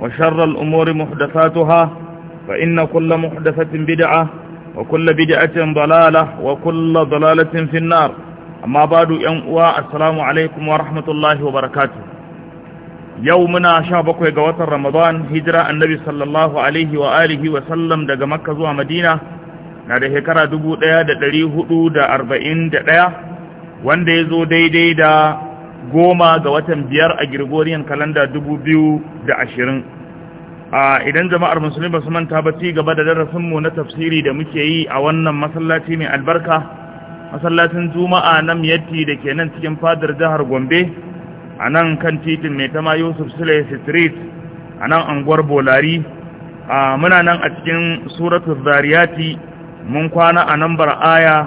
وشر الأمور محدثاتها فإن كل محدثة بدعة وكل بدعة ضلالة وكل ضلالة في النار أما بعد ينقوى السلام عليكم ورحمة الله وبركاته يومنا شابك وقوات رمضان هجرة النبي صلى الله عليه وآله وسلم دق مكة ومدينة نده هكرا دبو ديا دا دريه دا أربعين دا ديا وان ديزو دي دي دا goma ga watan biyar a Gregorian kalanda dubu biyu da ashirin. idan jama'ar musulmi ba su manta ba ci gaba da darasinmu na tafsiri da muke yi a wannan masallaci mai albarka, masallacin juma'a na miyatti da ke nan cikin fadar jihar Gombe, a nan kan titin mai tama Yusuf Sule Street, a nan anguwar Bolari, muna nan a cikin suratun Zariyati mun kwana a nambar aya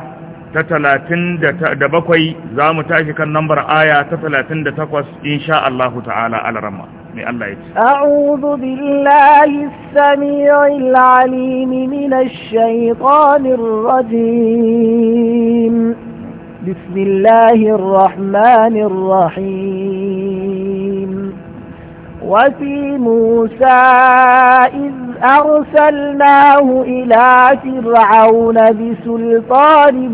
ta talatin da bakwai za mu tashi kan nambar aya ta talatin da takwas insha Allah ta'ala al alarama mai Allah ya ce. A'udhu billahi sami'il alimi minash shaitanir rajim. Bismillahir rahmanir rahim. وفي موسى إذ أرسلناه إلى فرعون بسلطان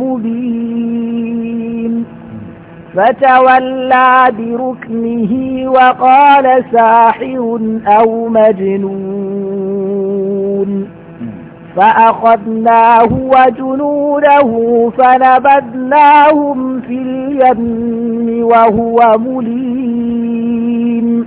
مبين فتولى بركنه وقال ساحر أو مجنون فأخذناه وجنوده فنبذناهم في اليم وهو مليم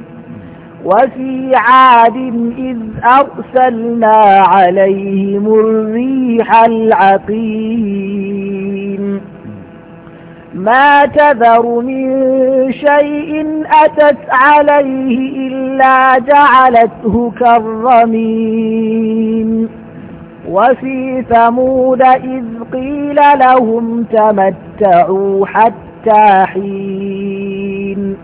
وفي عاد إذ أرسلنا عليهم الريح العقيم ما تذر من شيء أتت عليه إلا جعلته كالرميم وفي ثمود إذ قيل لهم تمتعوا حتى حين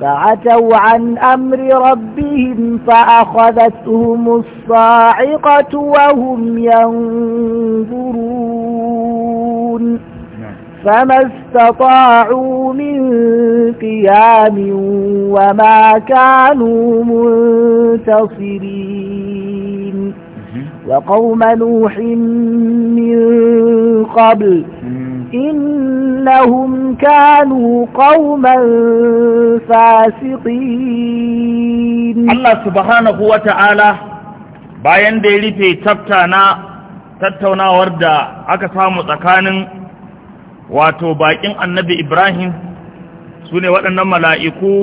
فعتوا عن أمر ربهم فأخذتهم الصاعقة وهم ينظرون نعم. فما استطاعوا من قيام وما كانوا منتصرين وقوم نوح من قبل إنهم كانوا قوما فاسقين الله سبحانه وتعالى bayan da ya rufe tattauna tattaunawar da aka samu tsakanin wato bakin annabi Ibrahim su ne waɗannan mala'iku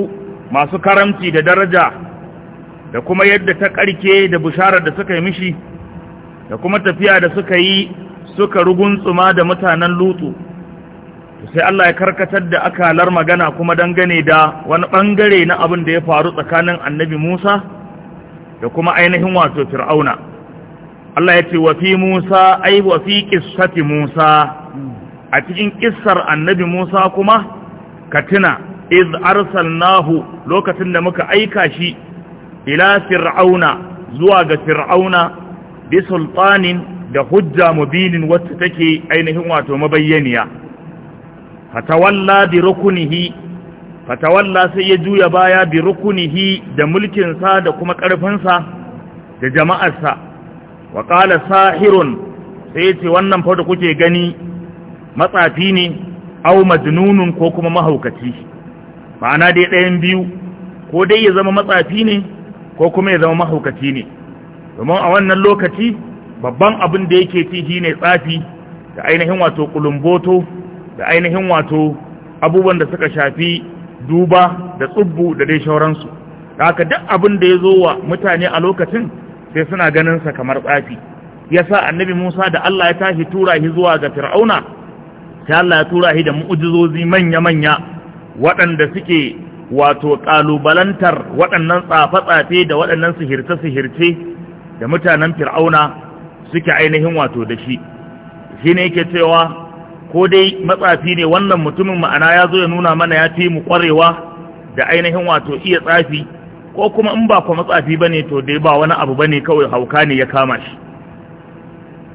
masu karamci da daraja da kuma yadda ta ƙarke da bisharar da suka yi mishi da kuma tafiya da suka yi suka ruguntsuma da mutanen lutu sai Allah ya karkatar da akalar magana kuma dangane da wani bangare na abin da ya faru tsakanin annabi Musa da kuma ainihin wato Fir'auna Allah ya ce wa fi Musa ai wa fi qissati Musa a cikin kissar annabi Musa kuma katina iz arsalnahu lokacin da muka aika shi ila fir'auna zuwa ga fir'auna bi sultanin da hujja mubinin wacce take ainihin wato mabayyaniya fatawalla bi rukunihi fatawalla sai ya juya baya bi rukunihi da sa da kuma karfinsa da jama'arsa wa qala sahirun sai ce wannan fa da kuke gani matsafi ne aw majnunun ko kuma mahaukaci ma'ana dai ɗayan biyu ko dai ya zama matsafi ne ko kuma ya zama mahaukaci ne domin a wannan lokaci babban abin da yake ci ne tsafi da ainihin wato kulumboto da ainihin wato abubuwan da suka shafi duba da tsubbu da dai shauransu da haka duk abin da ya zo wa mutane a lokacin sai suna ganinsa kamar tsafi yasa annabi Musa da Allah ya tashi tura shi zuwa ga Fir'auna sai Allah ya tura shi da mu'jizozi manya-manya waɗanda suke wato ƙalubalantar waɗannan tsafe-tsafe da waɗannan sihirce-sihirce da mutanen Fir'auna suke ainihin wato da shi shi ne yake cewa ko dai matsafi ne wannan mutumin ma'ana ya zo ya nuna mana ya fi mu kwarewa da ainihin wato iya tsafi ko kuma in ba ku matsafi ba ne to dai ba wani abu ba ne kawai hauka ne ya kama shi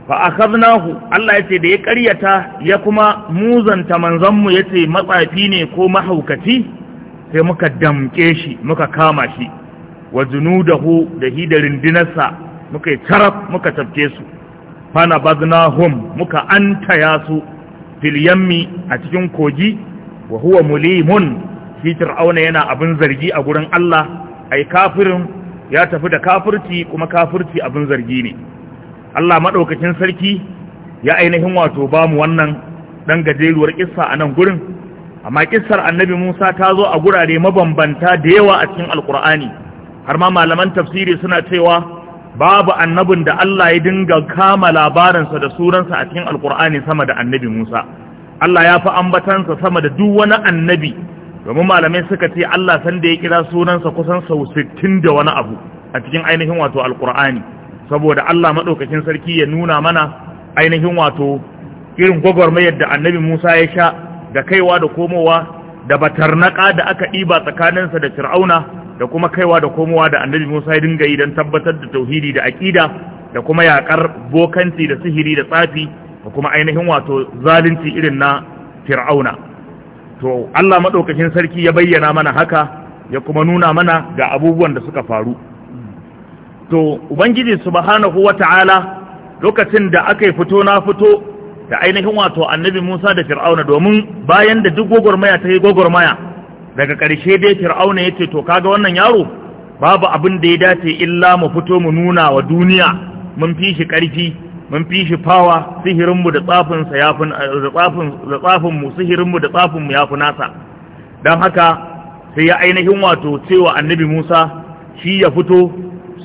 fa a akhadnahu Allah ya ce da ya karyata ya kuma muzanta manzanmu ya ce matsafi ne ko mahaukaci sai muka damke shi muka kama shi wa junudahu da hidarin dinarsa muka yi taraf muka tafke su fana bazna hum muka antaya su fil yammi a cikin kogi wa huwa mulimun shi fir'auna yana abin zargi a gurin Allah ai kafirin ya tafi da kafirci kuma kafirci abin zargi ne Allah madaukakin sarki ya ainihin wato ba mu wannan dan gajeruwar kissa a nan gurin amma kissar annabi Musa ta zo a gurare mabambanta da yawa a cikin alkur'ani har ma malaman tafsiri suna cewa babu annabin da Allah ya dinga kama labaransa da suransa a cikin alkur'ani sama da annabi Musa Allah ya fi ambatansa sama da duk wani annabi domin malamai suka ce Allah san da ya kira sunansa kusan sau 60 da wani abu a cikin ainihin wato alkur'ani saboda Allah madaukakin sarki ya nuna mana ainihin wato irin gwagwarmayar da annabi Musa ya sha da kaiwa da komowa da batarnaka da aka ɗiba tsakaninsa da Fir'auna da kuma kaiwa da komowa da annabi Musa ya dinga yi don tabbatar da tauhidi da aƙida da kuma yaƙar bokanci da sihiri da tsafi da kuma ainihin wato zalunci irin na fir'auna to Allah maɗaukakin sarki ya bayyana mana haka ya kuma nuna mana ga abubuwan da suka faru to ubangiji subhanahu wata'ala lokacin da aka fito na fito da ainihin wato annabi Musa da fir'auna domin bayan da duk gwagwarmaya ta yi gwagwarmaya. daga ƙarshe dai fir'auna ya ce to kaga wannan yaro babu abin da ya dace illa mu fito mu nuna wa duniya mun fi shi ƙarfi mun fi shi fawa sihirinmu da tsafinsa ya fi da tsafinmu sihirinmu da tsafinmu ya fi nasa don haka sai ya ainihin wato cewa annabi musa shi ya fito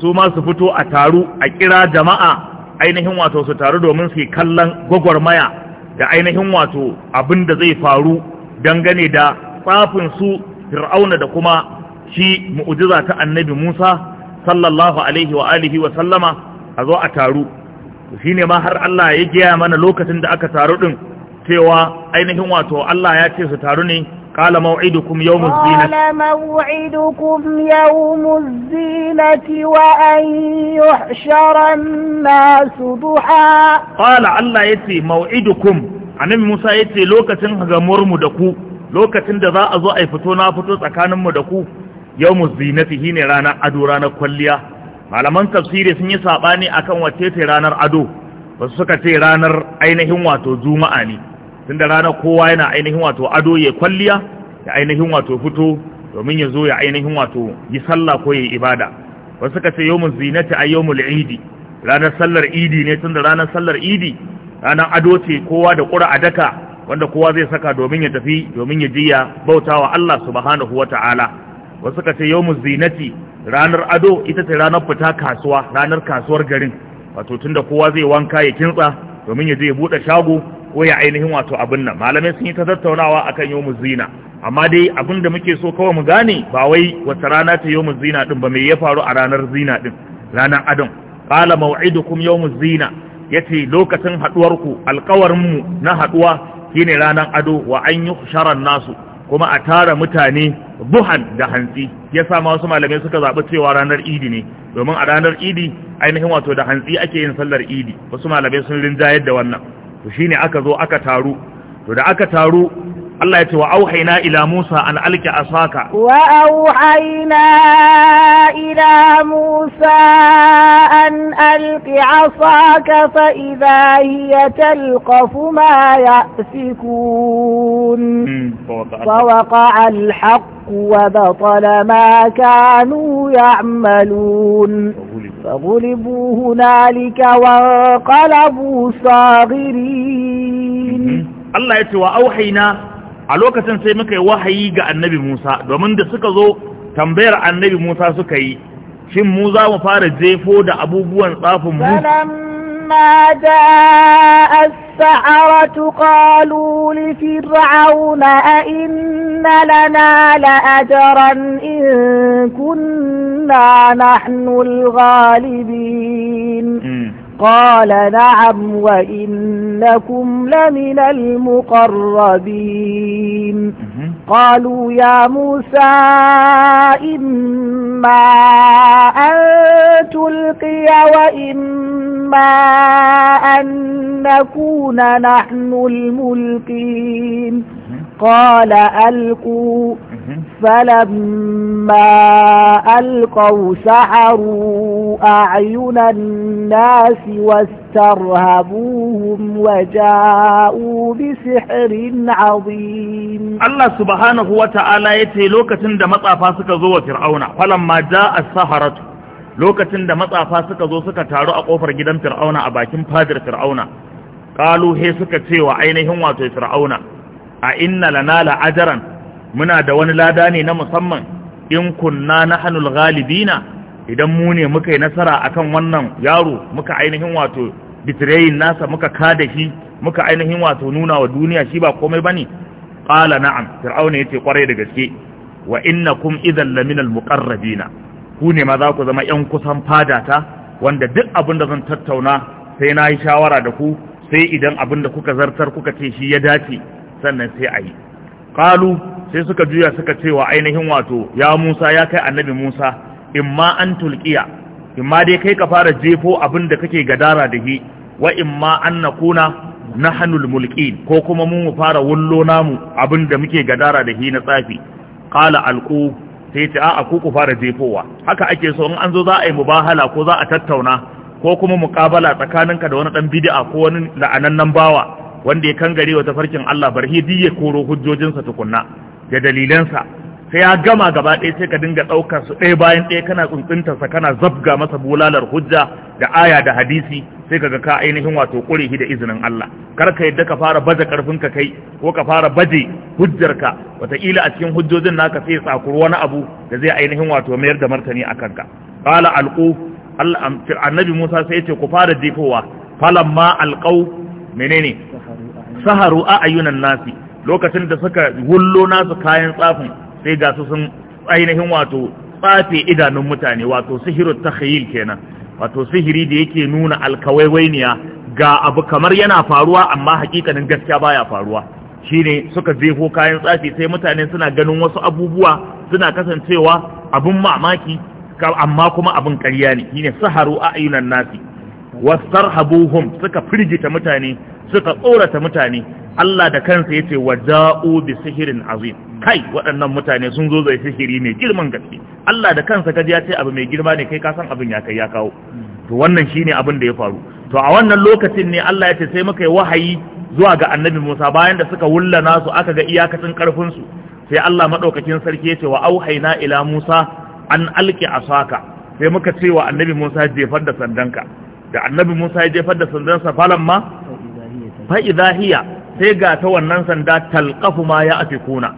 su ma su fito a taru a kira jama'a ainihin wato su taru domin su kallon gwagwarmaya da ainihin wato abin da zai faru dangane da tsafin su fir'auna da kuma shi mu'ujiza ta annabi Musa sallallahu alaihi wa alihi wa sallama a zo a taru ne ma har Allah ya gaya mana lokacin da aka taru din cewa ainihin wato Allah ya ce su taru ne قال موعدكم يوم الزينة قال موعدكم يوم الزينة وأن يحشر الناس ضحى قال الله يتي موعدكم عن موسى يتي لوكة da ku. lokacin da za a zo a fito na fito tsakaninmu da ku yau mu zinati shi ranar ado ranar kwalliya malaman tafsiri sun yi saɓani a kan wacce ce ranar ado wasu suka ce ranar ainihin wato juma'a ne tunda ranar kowa yana ainihin wato ado ya kwalliya ya ainihin wato fito domin ya zo ya ainihin wato yi sallah ko ya yi ibada wasu suka ce yau mu zinati a yau mu idi ranar sallar idi ne tunda ranar sallar idi ranar ado ce kowa da ƙura a daka wanda kowa zai saka domin ya tafi domin ya jiya bautawa Allah subhanahu wa ta'ala, wasu ka ce yau zinati ranar ado ita ce ranar fita kasuwa ranar kasuwar garin wato tunda kowa zai wanka ya kintsa domin ya je ya bude shago ko ya ainihin wato abin nan malamai sun yi ta tattaunawa akan yau zina amma dai abin da muke so kawai mu gane ba wai wata rana ta yau zina din ba me ya faru a ranar zina din ranar adon qala maw'idukum yawmuz zina yace lokacin haduwar ku alƙawarin mu na haduwa shine ranan ado wa an sharan nasu kuma a tara mutane buhan da hantsi ya sama wasu malamai suka zaɓi cewa ranar idi ne domin a ranar idi ainihin wato da hantsi ake yin sallar idi wasu malamai sun rinjayar da wannan to shine aka zo aka taru to da aka taru Allah ya ce wa auhaina ila Musa an alki asaka wa auhaina ila ألق عصاك فإذا هي تلقف ما يأفكون فوقع الحق وبطل ما كانوا يعملون فغلبوا هنالك وانقلبوا صاغرين الله يتوى أوحينا a lokacin sai muka yi wahayi ga annabi تنبير النبي موسى سكي shin mu za mu fara jefo da abubuwan tsafin mu فلما جاء السحرة قالوا لفرعون أئن لنا لأجرا إن كنا نحن الغالبين قال نعم وإنكم لمن المقربين قالوا يا موسى إما أن تلقي وإما أن نكون نحن الملقين قال ألقوا فلما ألقوا سحروا أعين الناس واسترهبوهم وجاءوا بسحر عظيم الله سبحانه وتعالى يتي لوكة دمطع فاسك زوة فرعون فلما جاء السحرة lokacin da matsafa suka zo suka taru a kofar gidan fir'auna a bakin fadar fir'auna kalu he suka cewa ainihin wato fir'auna a inna lana la'ajaran muna da wani lada ne na musamman in kunna na nahnul ghalibina idan mu ne muka yi nasara akan wannan yaro muka ainihin wato bitirayin nasa muka kada shi muka ainihin wato nuna wa duniya shi ba komai bane qala na'am fir'auna ce kwarai da gaske wa innakum idan laminal muqarrabina ku ne ma za ku zama yan kusan fada ta wanda duk abin da zan tattauna sai na yi shawara da ku sai idan abin da kuka zartar kuka ce shi ya dace sannan sai a yi ƙalu sai suka juya suka ce wa ainihin wato ya musa ya kai annabi musa imma an tulkiya imma dai kai ka fara jefo abin da kake gadara da shi wa imma an na kuna na hannun mulki ko kuma mun fara wullo namu abin da muke gadara da shi na tsafi ƙala alƙu sai ce a ku ku fara jefowa haka ake so in an zo za a yi mubahala ko za a tattauna ko kuma muƙabala tsakaninka da wani ɗan bidi'a ko wani la'anannan bawa wanda ya kangare wa tafarkin Allah bar hidi ya koro hujjojinsa tukunna da dalilansa sai ya gama gaba ɗaya sai ka dinga ɗaukar su ɗaya bayan ɗaya kana sa kana zabga masa bulalar hujja da aya da hadisi sai kaga ka ainihin wato ƙure shi da izinin Allah kar ka yadda ka fara baje ƙarfinka kai ko ka fara baje hujjarka wataƙila a cikin hujjojin naka sai tsakuru wani abu da zai ainihin wato mayar da martani a kanka qala alqu Allah annabi Musa sai ya ce ku fara jifowa falamma alqau menene saharu a ayyunan nasi lokacin da suka hullo nasu kayan tsafin sai ga su sun ainihin wato tsafe idanun mutane wato sihiru takhyil kenan wato sihiri da yake nuna alkawaiwainiya ga abu kamar yana faruwa amma hakikanin gaskiya baya faruwa shine suka jefo kayan tsafi sai mutane suna ganin wasu abubuwa suna kasancewa abun mamaki amma kuma abun karya ne shine saharu a ayyunan nasi wastarhabuhum suka firgita mutane suka tsorata mutane Allah da kansa yace waja'u bi sihirin azim kai waɗannan mutane sun zo zai sihiri mai girman gaske Allah da kansa kaji ya ce abu mai girma ne kai ka san abin ya kai ya kawo to wannan shine abin da ya faru to a wannan lokacin ne Allah ya ce sai muka yi wahayi zuwa ga Annabi Musa bayan da suka wulla nasu aka ga iyakacin karfin su sai Allah madaukakin sarki ya ce wa auhayna ila Musa an alqi asaka sai muka ce wa Annabi Musa jefar da sandanka da annabi Musa ya jefar da sa falan ma fa'iza hiya sai ga ta wannan sanda talqafu ma ya afikuna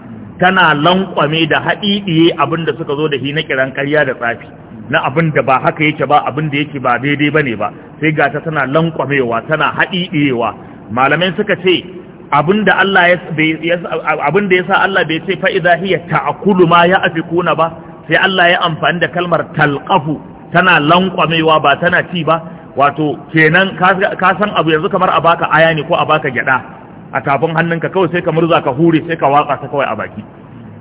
tana lankwame da haɗiɗiye abin da suka zo da hina na kiran ƙarya da tsafi na abin da ba haka yake ba abin da yake ba daidai bane ba sai ga ta tana lankwamewa tana haɗiɗiyewa malamai suka ce abin da Allah ya abin da yasa Allah bai ce fa'iza hiya ta'kulu ma ya afikuna ba sai Allah ya amfani da kalmar talqafu tana lankwamewa ba tana ci ba wato kenan ka san abu yanzu kamar a baka aya ne ko a baka gyada a tafin hannunka kawai sai ka murza ka hure sai ka watsa ta kawai a baki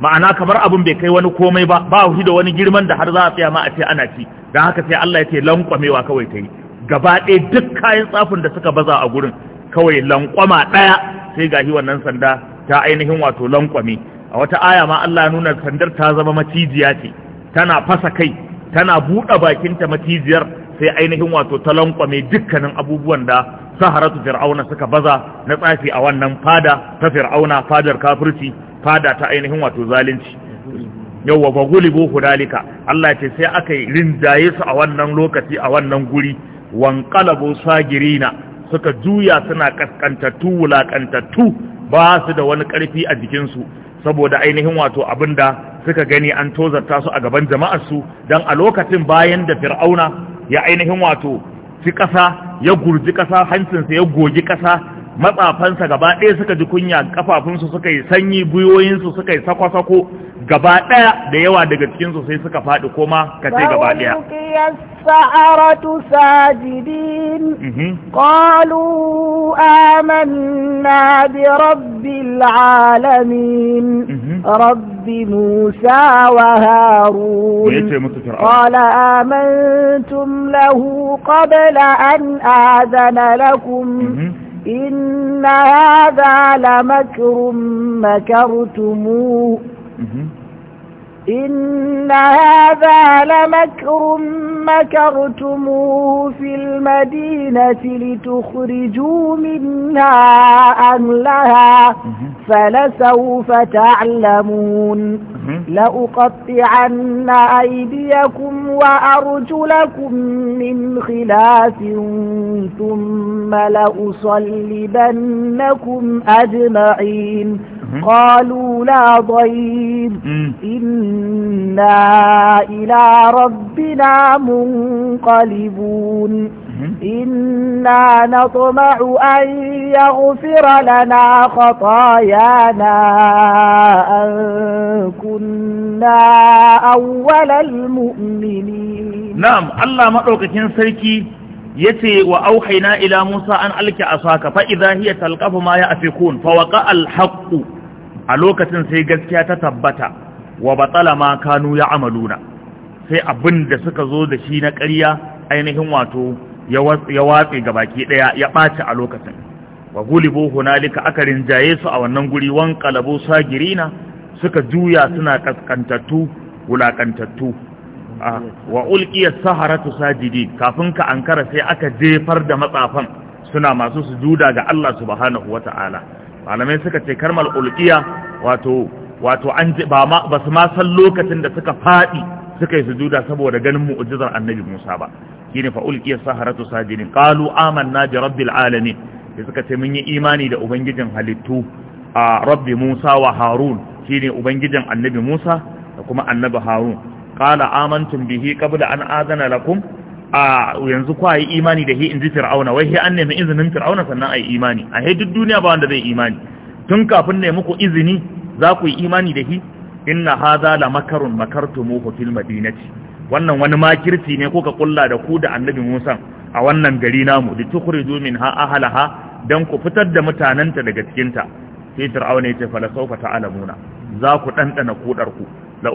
ma'ana kamar abin bai kai wani komai ba ba shi da wani girman da har za a tsaya ma a ce ana ci don haka sai Allah ya ce lankwamewa kawai ta yi gaba ɗaya duk kayan tsafin da suka baza a gurin kawai lankwama ɗaya sai ga shi wannan sanda ta ainihin wato lankwame a wata aya ma Allah ya nuna sandar ta zama macijiya ce tana fasa kai tana buɗe bakinta macijiyar. sai ainihin wato ta mai dukkanin abubuwan da saharatu fir'auna suka baza na tsafi a wannan fada ta fir'auna fadar kafirci fada ta ainihin wato zalunci yawwa fa bu hudalika Allah ce sai aka yi rinjaye su a wannan lokaci a wannan guri wanqalabu sagirina suka juya suna kaskantattu wulakantattu ba su da wani karfi a jikin su saboda ainihin wato abinda suka gani an tozarta su a gaban jama'ar su dan a lokacin bayan da fir'auna ya ainihin wato ci ƙasa ya gurji ƙasa hancinsa ya gogi ƙasa matsafansa gaba ɗaya suka ji kunya kafafunsu suka yi sanyi gwiwoyinsu suka yi sako-sako gaba ɗaya da yawa daga cikinsu sai suka faɗi koma ka ce gaba ɗaya السحرة ساجدين قالوا آمنا برب العالمين رب بموسى وهارون قال آمنتم له قبل أن آذن لكم إن هذا لمكر مكرتموه إن هذا لمكر مكرتموه في المدينة لتخرجوا منها أهلها فلسوف تعلمون لأقطعن أيديكم وأرجلكم من خلاف ثم لأصلبنكم أجمعين قالوا لا ضير إنا إلى ربنا منقلبون إنا نطمع أن يغفر لنا خطايانا أن كنا أول المؤمنين نعم الله مدوكتين سركي yace وأوحينا إلى موسى أن an alki فإذا هي تلقف ما يأفكون فوقع الحق a lokacin sai gaskiya ta tabbata wa batsala ma kanu ya amaluna sai abin da suka zo da shi na ƙarya ainihin wato ya watse ga baki ɗaya ya ɓaci a lokacin wa gulibu hunalika aka rinjaye su a wannan guri wan kalabo sagirina suka juya suna ƙasƙantattu wulaƙantattu. Ah, wa ulkiyar saharatu sajidi kafin ka ankara sai aka jefar da matsafan suna masu sujuda ga Allah subhanahu wa Ta'ala. malamai suka ce karmal ulkiya wato wato an ba ma ba su ma san lokacin da suka fadi suka yi sujuda saboda ganin mu'jizar annabi Musa ba shine fa ulqiya saharatu sajidin qalu amanna bi rabbil alamin sai suka ce mun yi imani da ubangijin halittu a rabbi Musa wa Harun shine ubangijin annabi Musa da kuma annabi Harun qala amantum bihi qabla an azana lakum a yanzu kwa yi imani da hi in ji fir'auna wai hi an nemi izinin fir'auna sannan a imani a hi duk duniya ba wanda zai imani tun kafin ne muku izini za ku yi imani da hi inna hadha la makarun makartumuhu fil madinati wannan wani makirci ne kuka kulla da ku da annabi Musa a wannan gari namu da tukhriju ha ahlaha dan ku fitar da mutananta daga cikin ta sai fir'auna ya ce fala sawfa ta'lamuna za ku dandana kudar ku la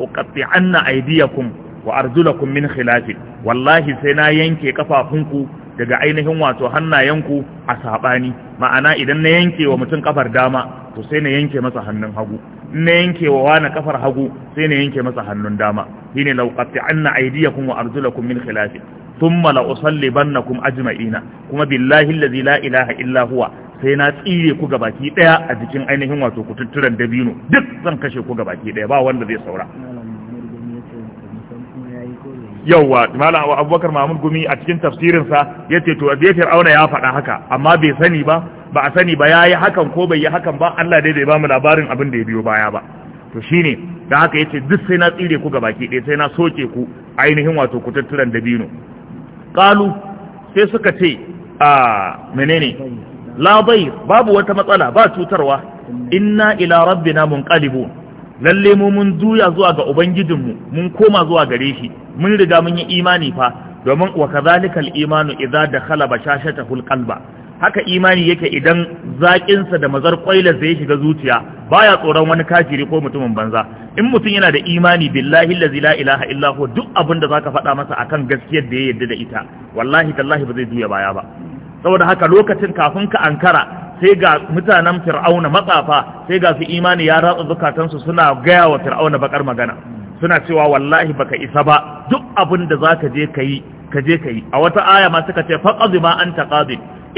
anna aydiyakum wa arjulakum min khilafin wallahi sai na yanke kafafunku daga ainihin wato hannayenku a saɓani ma'ana idan na yanke wa mutum kafar dama to sai na yanke masa hannun hagu in na yanke wa wani kafar hagu sai na yanke masa hannun dama shine law qat'anna aydiyakum wa arjulakum min khilafin thumma la usallibannakum ajma'ina kuma billahi allazi la ilaha illa huwa sai na tsire ku gabaki daya a jikin ainihin wato kututturan dabino duk zan kashe ku gabaki daya ba wanda zai saura yawwa malam abubakar mamun gumi a cikin tafsirinsa ya ce to da fir'auna ya faɗa haka amma bai sani ba ba a sani ba ya yi hakan ko bai yi hakan ba allah dai bai ba mu labarin abin da ya biyo baya ba to shine da haka ya ce duk sai na tsire ku gabaki ɗaya sai na soke ku ainihin wato ku da dabino Kalu sai suka ce a menene la babu wata matsala ba cutarwa inna ila rabbina munqalibun lalle mu mun juya zuwa ga ubangijinmu mun koma zuwa gare shi mun riga mun yi imani fa domin wa kadhalika al-imanu idza dakhala bashashata fil qalba haka imani yake idan zakin sa da mazar kwaila zai shiga zuciya baya tsoron wani kafiri ko mutumin banza in mutum yana da imani billahi allazi la ilaha illa huwa duk abin da zaka faɗa masa akan gaskiyar da ya yarda da ita wallahi tallahi ba zai juya baya ba saboda haka lokacin kafin ka ankara sai ga mutanen fir'auna matsafa sai ga su imani ya ratsa zukatansu suna gaya wa fir'auna bakar magana suna cewa wallahi baka isa ba duk abin da zaka je kayi ka je kayi a wata aya ma suka ce faqadi ma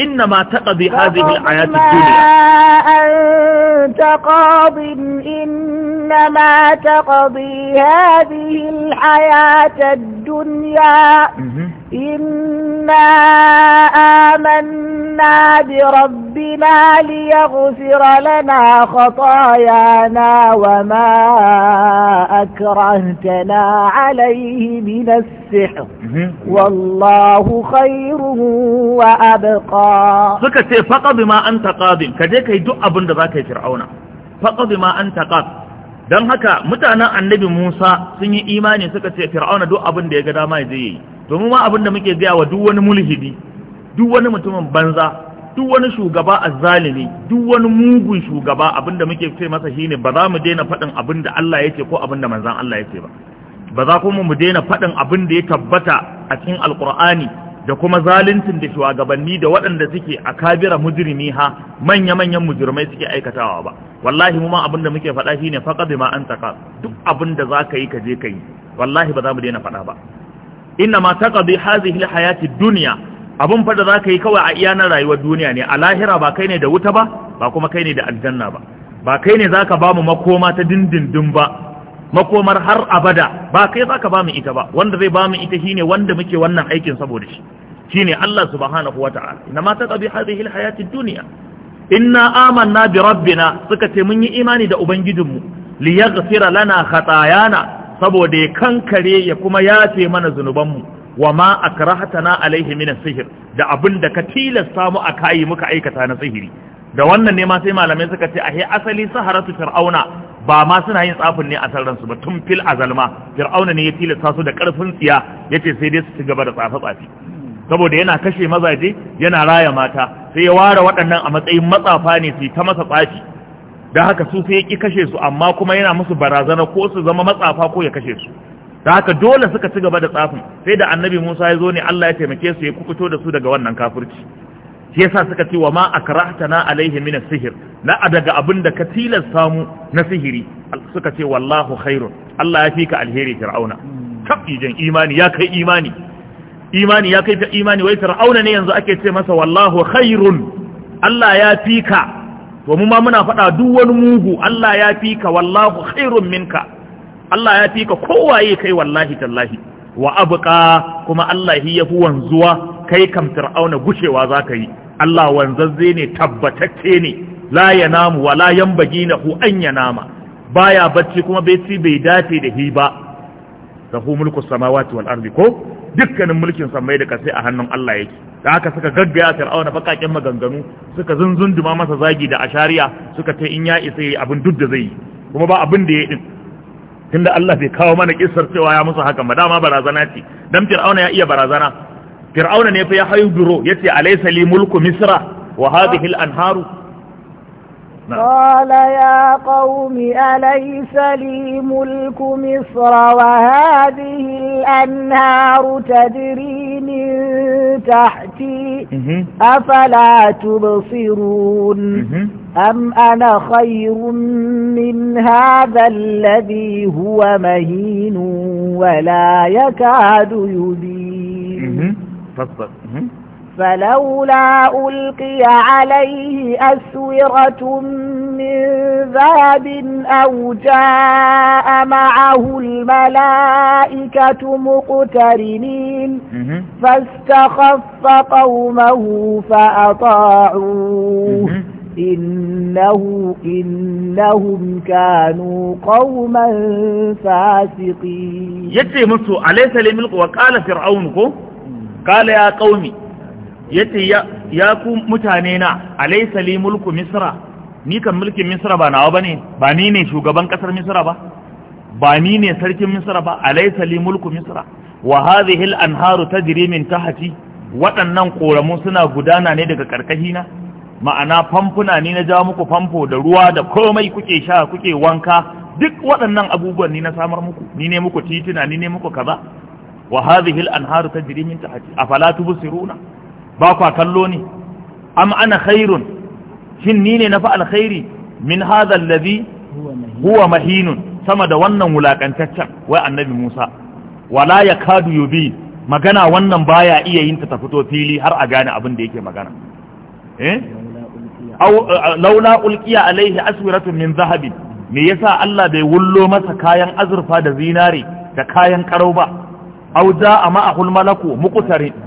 inna ma taqdi hadhihi al-ayat ad-dunya inna ma taqdi hadhihi al ad-dunya mhm. إنا آمنا بربنا ليغفر لنا خطايانا وما أكرهتنا عليه من السحر والله خير وأبقى فكتي فقد ما أنت قادم كذلك يدعى أبن ذاك فرعون فقد ما أنت قادم don haka mutanen annabi Musa sun yi imani suka ce Fir'auna duk abin da ya ga dama zai yi domin ma abin da muke gaya wa duk wani mulhidi duk wani mutumin banza duk wani shugaba azzalimi duk wani mugun shugaba abin da muke ce masa shine ba za mu daina faɗin abin da Allah yake ko abin da manzon Allah ce ba ba za kuma mu daina faɗin abin da ya tabbata a cikin alkur'ani da kuma zaluncin da shugabanni da waɗanda suke a kabira mujrimi ha manya-manyan mujrimai suke aikatawa ba wallahi mu ma abin da muke faɗa shine faqad ma an duk abin da zaka yi ka je ka yi wallahi ba za mu daina faɗa ba inna ma taqdi hadhihi alhayati dunya abun fada zaka yi kawai a iya na rayuwar duniya ne a lahira ba kai ne da wuta ba ba kuma kai ne da aljanna ba ba kai ne zaka ba mu makoma ta dindindin ba makomar har abada ba kai zaka ba mu ita ba wanda zai ba mu ita shine wanda muke wannan aikin saboda shi shine Allah subhanahu wata'ala inna ma taqdi hadhihi alhayati dunya inna amanna bi rabbina suka ce mun yi imani da ubangijinmu liyaghfira lana khatayana saboda ya kankare ya kuma yafe mana zunubanmu wa ma akrahatana alaihi min sihir da abin da ka tilasta mu a kayi muka aikata na sihiri da wannan ne ma sai malamai suka ce ahe asali saharatu fir'auna ba ma suna yin tsafin ne a sarran su ba tun fil azalma fir'auna ne ya tilasta su da karfin tsiya yace sai dai su ci gaba da tsafa tsafi saboda yana kashe mazaje yana raya mata sai ya ware waɗannan a matsayin matsafa ne su ta masa tsafi da haka su sai ki kashe su amma kuma yana musu barazana ko su zama matsafa ko ya kashe su da haka dole suka ci gaba da tsafin sai da annabi musa ya zo ne allah ya taimake su ya kubuto da su daga wannan kafirci shi yasa suka ce wa ma akrahtana alaihi min sihir na daga abin da ka tilasta mu na sihiri suka ce wallahu khairun Allah ya fika alheri fir'auna tabbijan imani ya kai imani imani ya kai imani wai fir'auna ne yanzu ake ce masa wallahu khairun Allah ya fika to mu ma muna faɗa duk wani mugu Allah ya fi ka wallahu khairun minka Allah ya fi ka kowaye kai wallahi tallahi wa abqa kuma Allah ya fi wanzuwa kai kam fir'auna gushewa za ka yi Allah wanzazze ne tabbatacce ne la yanamu wa la yanbaghi nahu, an yanama baya bacci kuma bai ci bai dace da hi ba lahu mulku samawati wal ardi ko dukkanin mulkin samai da kasai a hannun Allah yake da haka suka gaggaya fir'auna bakakin maganganu suka zunzunduma masa zagi da ashariya suka ce in ya isa yi abin duk da zai yi kuma ba abin da ya din tunda Allah bai kawo mana kissar cewa ya musu haka ba dama barazana ce dan fir'auna ya iya barazana fir'auna ne fa ya hayu duro yace alaysa li mulku misra wa hadhihi al-anharu نعم. قال يا قوم أليس لي ملك مصر وهذه الأنهار تجري من تحتي أفلا تبصرون أم أنا خير من هذا الذي هو مهين ولا يكاد يبين فصل فلولا ألقي عليه أسورة من ذهب أو جاء معه الملائكة مقترنين فاستخف قومه فأطاعوه إنه إنهم كانوا قوما فاسقين يتي مصر أليس لملك وقال فرعون قال يا قومي yace ya ku mutane na alaysa li mulku misra ni kan mulkin misra ba nawa bane ba ni ne shugaban kasar misra ba ba ni ne sarkin misra ba alaysa li mulku misra wa hadhihi al-anharu tajri min tahti waɗannan koramu suna gudana ne daga karkashina ma'ana famfuna ne na ja muku famfo da ruwa da komai kuke sha kuke wanka duk waɗannan abubuwan ni na samar muku ni ne muku titina ni ne muku kaza wa hadhihi al-anharu tajri min tahti afala tubsiruna ba kwa kallo ne am ana khairun shin ni ne na fa alkhairi min hadha alladhi huwa mahinun sama da wannan wulakantaccen wai annabi Musa wala yakadu yubi magana wannan baya iya yin ta fito fili har a gane abin da yake magana eh laula ulqiya alaihi aswiratun min zahabin me yasa Allah bai wullo masa kayan azurfa da zinare da kayan karau ba au a ma'ahul malaku muqtarin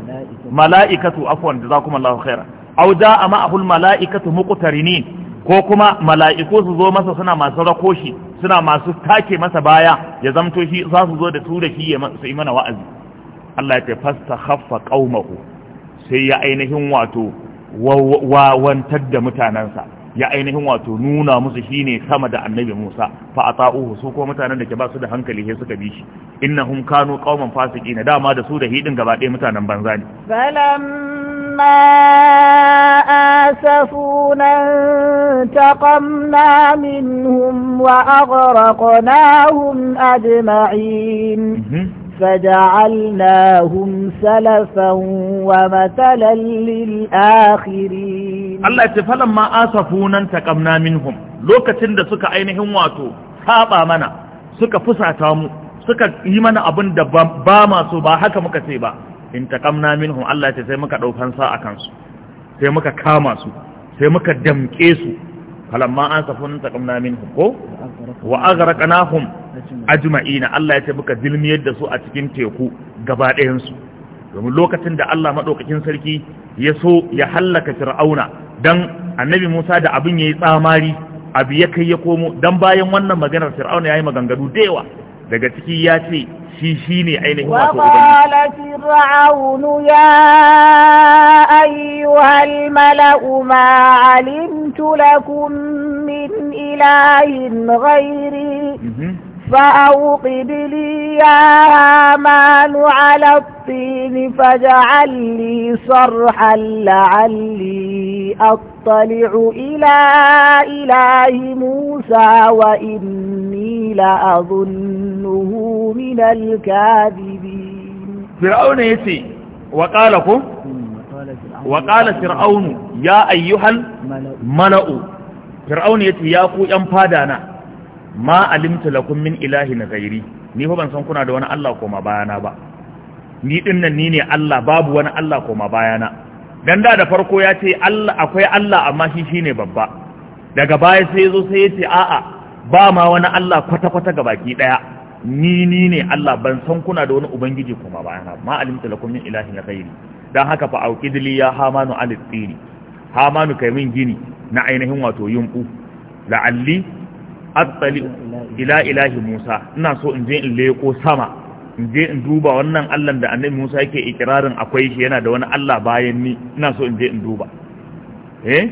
mala'ikatu afwan jazakumullahu khaira aw a ma'ahul mala'ikatu muqtarinin ko kuma mala'iku su zo masa suna masu rako shi suna masu take masa baya ya zamto shi za su zo da su da shi su yi mana wa'azi Allah ya fasta khaffa qaumahu sai ya ainihin wato wawantar da mutanensa. ya ainihin wato nuna musu shine sama da annabi Musa fa ata'uhu su kuma mutanen da ke ba su da hankali sai suka bi shi innahum kanu qauman fasiqina dama da su da hidin gaba ɗaya mutanen banza ne falamma asafuna taqamna minhum wa aghraqnahum ajma'in mhm. فجعلناهم سلفا ومثلا للآخرين الله يتفلم ما آسفونا انتقمنا منهم لوكا تند سكا أينهم واتو سابا منا سكا فسع تامو سكا إيمانا أبن دباما سبا حكا مكتبا انتقمنا منهم الله يتسيمك دوفان ساعة كانسو سيمك كاماسو سيمك دمكيسو فلما آسفونا انتقمنا منهم وأغرقناهم ajma'ina Allah ya tabbuka zilmiyar da su a cikin teku gaba ɗayan domin lokacin da Allah madaukakin sarki ya so ya hallaka fir'auna dan annabi Musa da abin yayi tsamari abu ya kai ya komo dan bayan wannan maganar fir'auna yayi maganganu da yawa daga ciki ya ce shi shine ainihin wato ubangiji fir'aunu ya ayyuhal mala'u ma alimtu lakum min ilahin ghairi mhm. فأوقد لي يا هامان على الطين فاجعل لي صرحا لعلي أطلع إلى إله موسى وإني لأظنه من الكاذبين فرعون يسي وقالكم وقال فرعون يا أيها الملأ فرعون يتي يا أخو أنفادنا ma alimta lakum min na ghairi ni fa ban san kuna da wani Allah koma bayana ba ni din nan ni ne Allah babu wani Allah koma bayana dan da da farko ya ce Allah akwai Allah amma shi shine babba daga baya sai zo sai ya ce a'a ba ma wani Allah kwata kwata ga baki daya ni ni ne Allah ban san kuna da wani ubangiji koma bayana ma alimta lakum min na ghairi dan haka fa auqidli ya hamanu alitsiri hamanu kai min gini na ainihin wato yunku la'alli attali ila ilahi Musa ina so in je in leko sama in je in duba wannan Allah da annabi Musa yake ikirarin akwai shi yana da wani Allah bayan ni ina so in je in duba eh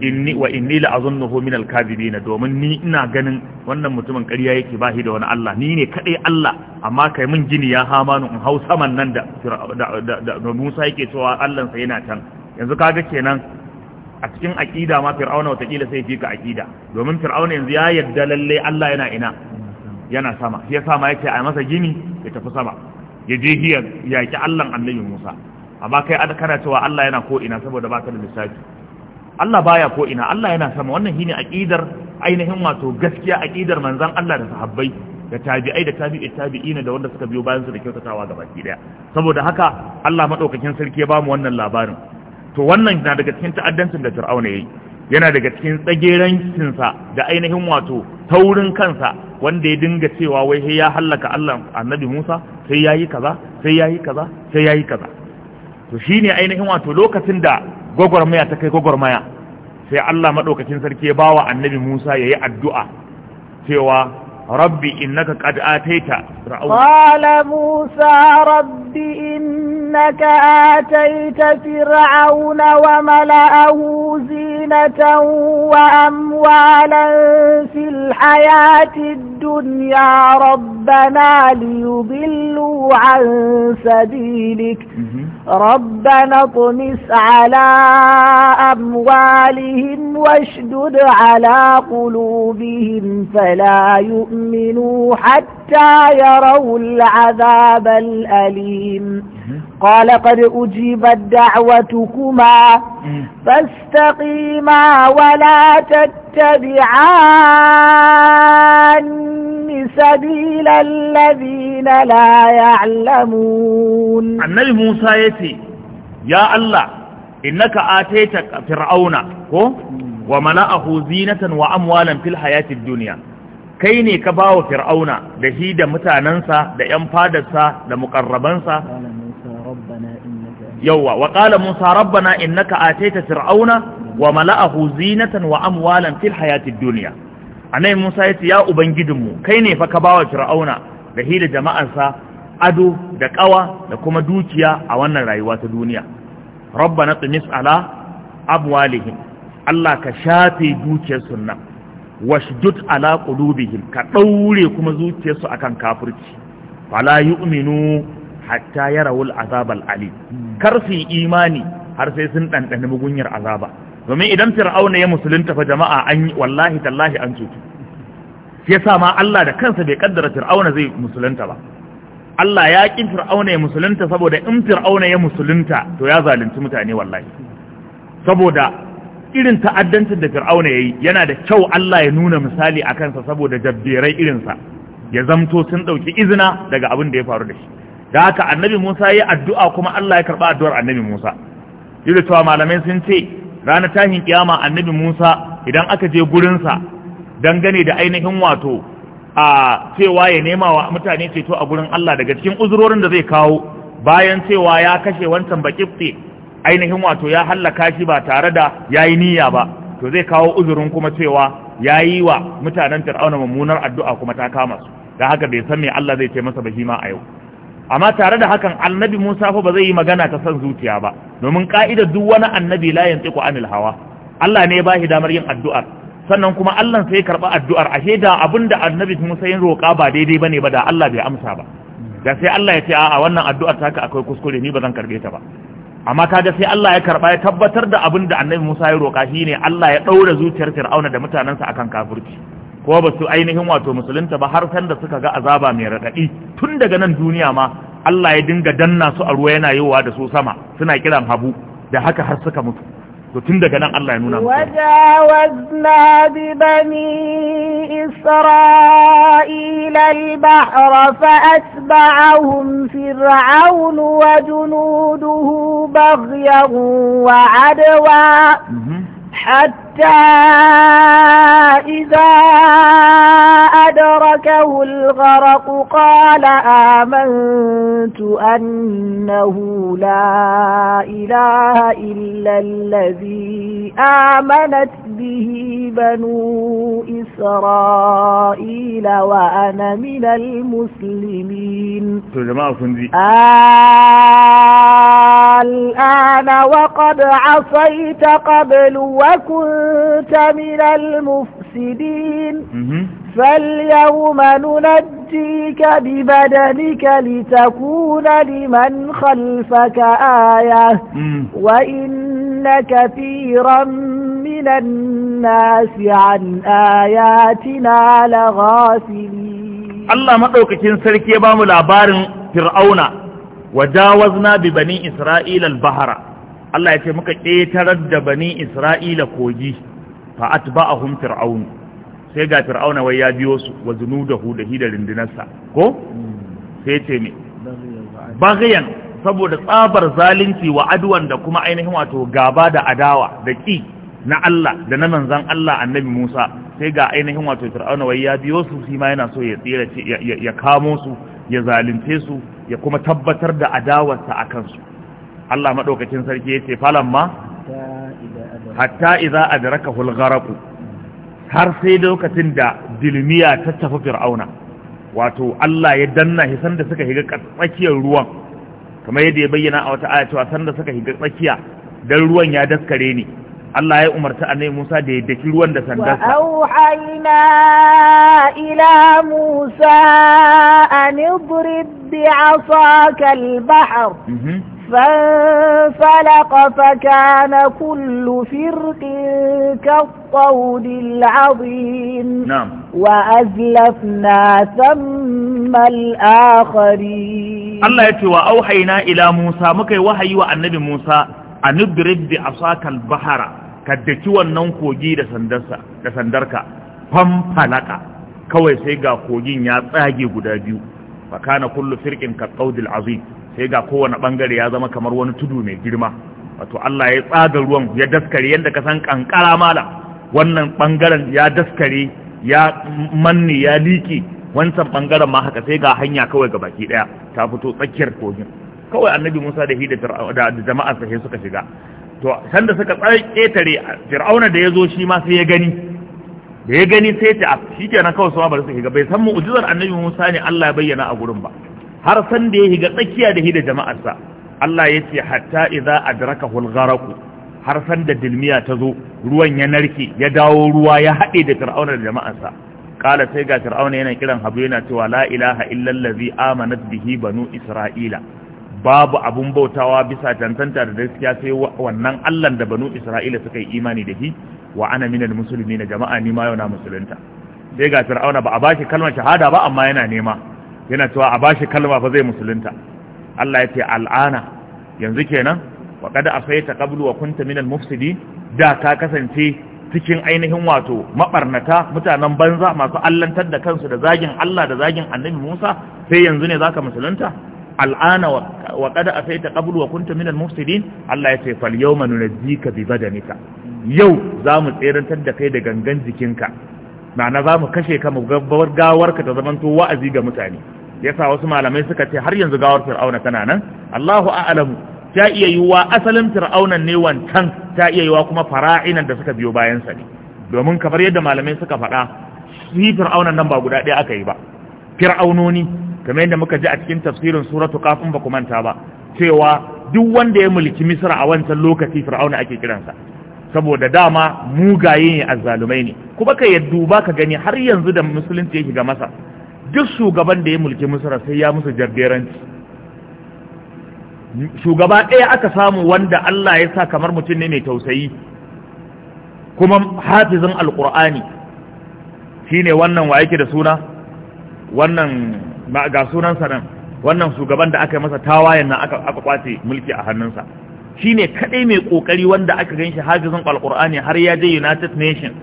inni wa inni la azunnuhu min al-kadhibin domin ni ina ganin wannan mutumin ƙarya yake ba shi da wani Allah ni ne kadai Allah amma kai mun gini ya hamanu in hau saman nan da Musa yake cewa Allah sa yana can yanzu kaga kenan a cikin aƙida ma fir'auna watakila sai fi ka aƙida domin fir'auna yanzu ya yadda lalle Allah yana ina yana sama shi yasa ma yake a masa gini ya tafi sama ya je hiyar ya ki Allahn annabi Musa amma kai kana cewa Allah yana ko ina saboda baka da lissafi Allah baya ko ina Allah yana sama wannan shine aqidar ainihin wato gaskiya aqidar manzon Allah da sahabbai da tabi'ai da tabi'i tabi'ina da wanda suka biyo bayan su da kyautatawa gabaki daya saboda haka Allah madaukakin sarki ya bamu wannan labarin to wannan na daga cikin ta'addancin da fir'auna yayi yana daga cikin tsagerancinsa da ainihin wato taurin kansa wanda ya dinga cewa wai sai ya hallaka Allah annabi Musa sai yayi kaza sai yayi kaza sai yayi kaza to shine ainihin wato lokacin da gwagwarmaya ta kai gwagwarmaya sai Allah madaukakin sarki ya bawa annabi Musa yayi addu'a cewa ربي إنك قد آتيت قال موسى ربي إنك آتيت فرعون وملأه زينة وأموالا في الحياة الدنيا ربنا ليضلوا عن سبيلك ربنا اطمس على أموالهم واشدد على قلوبهم فلا يؤمنون يؤمنوا حتى يروا العذاب الأليم قال قد أجيبت دعوتكما فاستقيما ولا تتبعان سبيل الذين لا يعلمون نبي موسى يتي يا الله إنك آتيتك فرعون وملأه زينة وأموالا في الحياة الدنيا kai ne ka bawa fir'auna da shi da mutanansa da yan fadarsa da muqarrabansa yawa wa qala musa rabbana innaka ataita fir'auna wa mala'ahu zinatan wa amwalan fil hayatid dunya anai musa yace ya ubangidinmu kai ne fa ka bawa fir'auna da shi da jama'arsa ado da kawa da kuma dukiya a wannan rayuwa ta duniya rabbana tumis ala abwalihim Allah ka shafe dukiyar sunan washdud ala qulubihim ka daure kuma zuciyarsu akan kafirci fala yu'minu hatta yarawul azab al-ali karfi imani har sai sun ɗanɗana mugunyar azaba domin idan fir'auna ya musulunta fa jama'a an wallahi tallahi an cutu yasa ma Allah da kansa bai kaddara fir'auna zai musulunta ba Allah ya ki fir'auna ya musulunta saboda in fir'auna ya musulunta to ya zalunci mutane wallahi saboda irin ta'addancin da fir'auna yayi yana da kyau Allah ya nuna misali a kansa saboda jabberai irinsa ya zamto sun ɗauki izina daga abin da ya faru da shi da haka annabi Musa ya addu'a kuma Allah ya karɓa addu'ar annabi Musa yadda cewa malamai sun ce ranar tashin kiyama annabi Musa idan aka je gurinsa dangane da ainihin wato a cewa ya nema wa mutane ceto a gurin Allah daga cikin uzurorin da zai kawo bayan cewa ya kashe wancan bakifte ainihin wato ya hallaka shi ba tare da yayi niyya ba to zai kawo uzurin kuma cewa ya yi wa mutanen fir'auna mummunar addu'a kuma ta kama su da haka bai san me Allah zai ce masa ba shi ma a yau amma tare da hakan annabi Musa fa ba zai yi magana ta san zuciya ba domin ka'ida duk wani annabi la yantiqu anil hawa Allah ne ya bashi damar yin addu'ar sannan kuma Allah sai ya karba addu'ar ashe da abinda annabi Musa yin roƙa ba daidai bane ba da Allah bai amsa ba da sai Allah ya ce a'a wannan addu'ar ta ka akwai kuskure ni ba zan karbe ta ba amma kaga sai Allah ya karba ya tabbatar da abin da annabi Musa ya roƙa ne Allah ya daura zuciyar Fir'auna da mutanansa akan kafirci ko ba su ainihin wato musulunta ba har sanda suka ga azaba mai raɗaɗi tun daga nan duniya ma Allah ya dinga danna su a ruwa yana yowa da su sama suna kiran habu da haka har suka mutu to tun daga nan Allah ya nuna musu wajawazna bi bani isra'ila al-bahr fa atba'ahum fir'aun wa junuduhu baghyan wa adwa mhm. حتى إذا أدركه الغرق قال آمنت أنه لا إله إلا الذي آمنت به بنو إسرائيل وأنا من المسلمين الآن وقد عصيت قبل وكنت كنت من المفسدين فاليوم ننجيك ببدنك لتكون لمن خلفك آية وإن كثيرا من الناس عن آياتنا لغافلين الله مدوكين سركي بامو لابارن فرعون وجاوزنا ببني إسرائيل البحر Allah ya ce muka ƙetarar da bani Isra'ila kogi fa hun fir'aunu sai ga fir'auna wai ya biyo su wa zunu da da rindinarsa ko sai ce ne bagayan saboda tsabar zalunci wa aduwan da kuma ainihin wato gaba da adawa da ƙi na Allah da na manzon Allah annabi Musa sai ga ainihin wato fir'auna wai ya biyo su shi ma yana so ya tsira ya kamo su ya zalunce su ya kuma tabbatar da adawarsa a kansu. Allah madaukakin sarki yace falamma hatta idza adrakahu al-gharq har sai lokacin da dilmiya ta tafi fir'auna wato Allah ya danna shi sanda suka higa tsakiyar ruwan kamar yadda ya bayyana a wata aya cewa sanda suka higa tsakiya dan ruwan ya daskare ne Allah ya umarta annabi Musa da ya daki ruwan da sanda Wa auhayna ila Musa an idrib bi'asaka al-bahr. Mhm. فانفلق فكان كل فرق كالطود العظيم نعم وأزلفنا ثم الآخرين الله يتوى أوحينا إلى موسى مكي وحي النبي موسى أن اضرب بعصاك البحر كدكي wannan kogi da sandarsa da sandarka fanfalaka kawai sai ga kogin ya tsage guda biyu fakana kullu firqin ka qaudil azim sai ga kowane bangare ya zama kamar wani tudu mai girma wato Allah ya tsaga ruwan ya daskare yadda ka san kankara mala wannan bangaren ya daskare ya manni ya liki wancan bangaren ma haka sai ga hanya kawai ga baki daya ta fito tsakiyar kogin kawai annabi Musa da hida da jama'a sai suka shiga to san da suka tare fir'auna da ya zo shi ma sai ya gani da ya gani sai ta ah, shi kenan kawai su ma bari su shiga bai san mu'jizar annabi Musa ne Allah ya bayyana a gurin ba har san da ya higa tsakiya da hida jama'arsa Allah ya ce hatta iza adrakahu al-gharq har san da dilmiya ta zo ruwan ya narke ya dawo ruwa ya haɗe da fir'auna da jama'arsa kala sai ga fir'auna yana kiran habu yana cewa la ilaha illa allazi amanat bihi banu isra'ila babu abun bautawa bisa tantanta da gaskiya sai wannan allan da banu isra'ila suka yi imani da shi wa ana minal jama'a ni ma yau na musulunta sai ga fir'auna ba a bashi kalmar shahada ba amma yana nema yana cewa a bashi kalma fa zai musulunta Allah ya ce al'ana yanzu kenan wa qad afaita qablu wa kunta minal mufsidin da ka kasance cikin ainihin wato mabarnata mutanen banza masu allantar da kansu da zagin Allah da zagin Annabi Musa sai yanzu ne zaka musulunta al'ana wa qad afaita qablu wa kunta minal mufsidin Allah ya ce fal yawma nunajjika bi badanika yau zamu tserantar da kai da gangan jikinka ma'ana zamu kashe ka mu gawar gawarka ta zamanto wa'azi ga mutane yasa wasu malamai suka ce har yanzu gawar fir'auna tana nan Allahu a'lamu ta iya yiwa asalin fir'auna ne wancan ta iya yiwa kuma fara'inan da suka biyo bayan sa ne domin kamar yadda malamai suka faɗa shi fir'aunan nan ba guda ɗaya aka yi ba fir'aunoni kamar yadda muka ji a cikin tafsirin suratu kafin ba ku manta ba cewa duk wanda ya mulki misra a wancan lokaci fir'auna ake kiransa saboda dama mugaye ne azzalumai ne kuma ka yaddu ba ka gani har yanzu da musulunci ya shiga masa duk shugaban da ya mulki Musa sai ya musu jabberanci shugaba ɗaya aka samu wanda Allah ya sa kamar mutum ne mai tausayi kuma hafizin alƙur'ani shine wannan wa yake da suna wannan ga sunansa nan wannan shugaban da aka yi masa tawayen nan aka kwace mulki a hannunsa shine kadai mai ƙoƙari wanda aka ganshi hafizin alkur'ani har ya je United Nations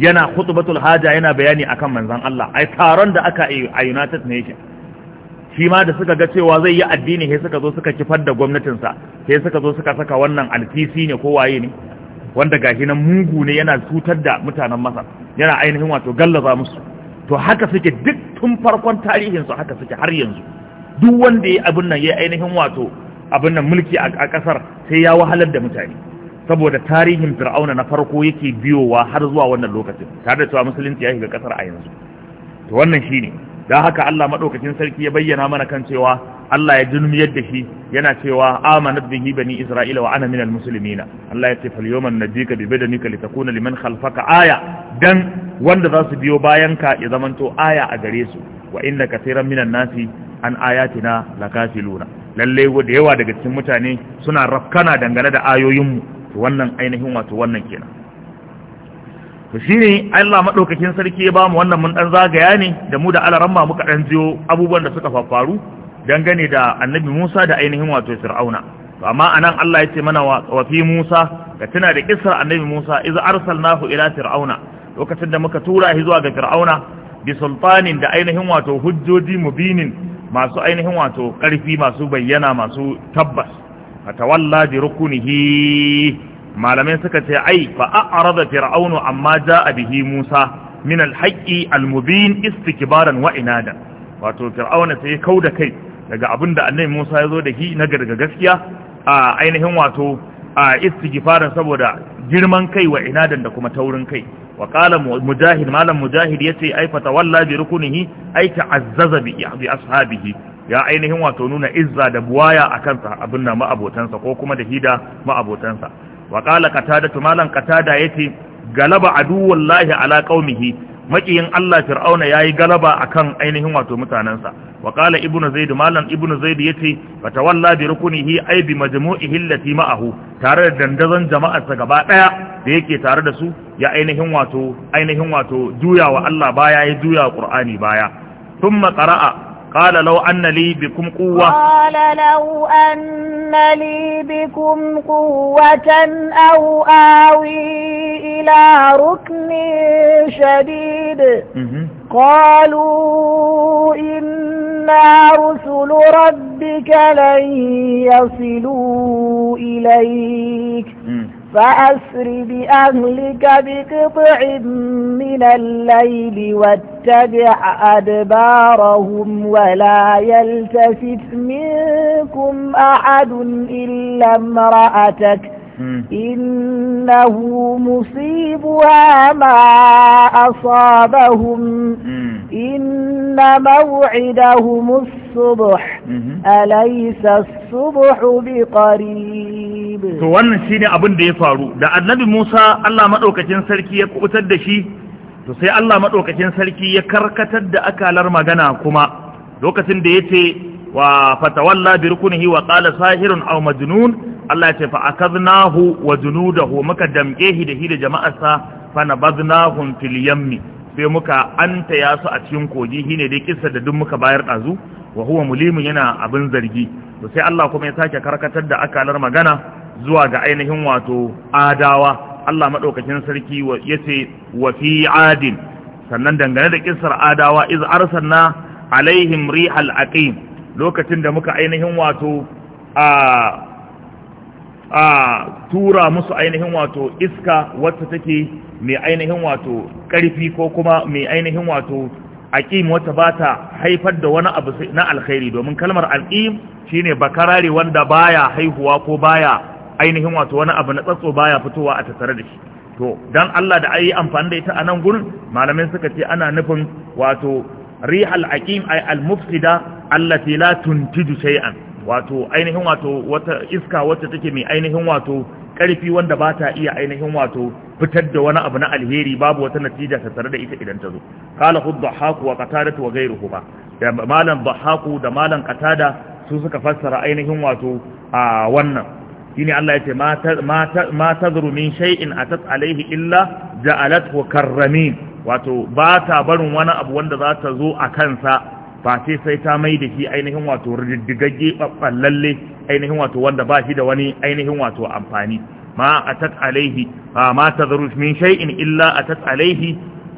yana khutbatul haja yana bayani akan manzon Allah ai taron da aka yi a United Nations shi ma da suka ga cewa zai yi addini sai suka zo suka kifar da gwamnatinsa sai suka zo suka saka wannan alkisi ne ko waye ne wanda gashi nan mugu ne yana cutar da mutanen Masar yana ainihin wato gallaza musu to haka suke duk tun farkon tarihin su haka suke har yanzu duk wanda ya abin nan ya ainihin wato abin nan mulki a kasar sai ya wahalar da mutane saboda tarihin fir'auna na farko yake biyowa har zuwa wannan lokacin tare da cewa musulunci ya shiga kasar a yanzu to wannan shine dan haka Allah madaukakin sarki ya bayyana mana kan cewa Allah ya dulmiyar yadda shi yana cewa amanat bihi bani isra'ila wa ana minal muslimina Allah ya ce fal yawma najika bi badanika litakuna liman khalfaka aya dan wanda za su biyo bayan ka ya zamanto aya a gare su wa inna kaseeran minan nasi an ayatina lakafiluna lalle da yawa daga cikin mutane suna rafkana dangane da ayoyinmu to wannan ainihin wato wannan kenan to shine Allah madaukakin sarki ya ba mu wannan mun dan zagaya ne da mu da alaramma muka dan jiyo abubuwan da suka faru dangane da annabi Musa da ainihin wato Fir'auna to amma anan Allah ya ce mana wa fi Musa ka tuna da kissar annabi Musa iz arsalnahu ila Fir'auna lokacin da muka tura shi zuwa ga Fir'auna bi sultanin da ainihin wato hujjoji mubinin masu ainihin wato ƙarfi masu bayyana masu tabbas fatawalla bi rukunihi malamai suka ce ai fa a'rada fir'aunu amma a bihi Musa min alhaƙi, almubin, al-mubin istikbaran wa wato fir'auna sai da kai daga abinda annabi Musa ya zo da hi na garga gaskiya a ainihin wato a istighfarin saboda girman kai wa inadan da kuma taurin kai wa qala mujahid malam mujahid ce ai fatawalla bi rukunihi ai ta'azzaza bi ashabihi ya ainihin wato nuna izza da buwaya a kansa abin da ma'abotansa ko kuma da hida ma'abotansa wa qala qatada Katada qatada yace galaba aduwallahi ala qaumihi makiyin Allah fir'auna ya yi galaba akan ainihin wato mutanansa wa qala ibnu zaid malan ibnu zaid yace fatawalla bi rukunihi ay bi majmu'ihi allati ma'ahu tare da dandazon jama'arsa gaba ɗaya da yake tare da su ya ainihin wato ainihin wato juyawa Allah baya ya juya Qur'ani baya thumma qara'a قال لو أن لي بكم قوة قال لو أن لي بكم قوة أو آوي إلى ركن شديد قالوا إنا رسل ربك لن يصلوا إليك فأسر بأهلك بقطع من الليل واتبع أدبارهم ولا يلتفت منكم أحد إلا امرأتك إنه مصيبها ما أصابهم إن موعدهم الصبح أليس الصبح بقريب to wannan shine abin da ya faru da annabi Musa Allah madaukakin sarki ya kubutar da shi to sai Allah madaukakin sarki ya karkatar da akalar magana kuma lokacin da yace wa fatawalla bi rukunihi wa qala sahirun aw majnun Allah ya ce fa akadnahu wa junudahu muka damke shi da shi da jama'arsa fa nabadnahum fil yammi sai muka anta ya su a cikin kogi shine dai kissa da duk muka bayar dazu wa huwa yana abin zargi to sai Allah kuma ya sake karkatar da akalar magana zuwa ga ainihin wato adawa Allah madaukakin sarki yace wa fi adin sannan dangane da kissar adawa iz arsalna alaihim rihal aqim lokacin da muka ainihin wato a a tura musu ainihin wato iska wacce take mai ainihin wato ƙarfi ko kuma mai ainihin wato aqim wata ba ta haifar da wani abu na alkhairi domin kalmar aqim shine bakarare wanda baya haihuwa ko baya ainihin wato wani abu na tsatso baya fitowa a tattare da shi to dan Allah da ayi amfani da ita anan gurin malamai suka ce ana nufin wato rihal aqim ay al mufsida allati la tuntiju shay'an wato ainihin wato wata iska wacce take mai ainihin wato ƙarfi wanda ba ta iya ainihin wato fitar da wani abu na alheri babu wata natija ta tare da ita idan ta zo kala hu dhahaku wa qatadatu wa ba. da malam dhahaku da malam qatada su suka fassara ainihin wato a wannan shine Allah yace ma ma tazru min shay'in atat alayhi illa ja'alathu karramin wato ba ta barin wani abu wanda za ta zo a kansa face sai ta mai da shi ainihin wato riddigagge lalle ainihin wato wanda ba shi da wani ainihin wato amfani ma atat alaihi ma tazaru min shay'in illa atat alaihi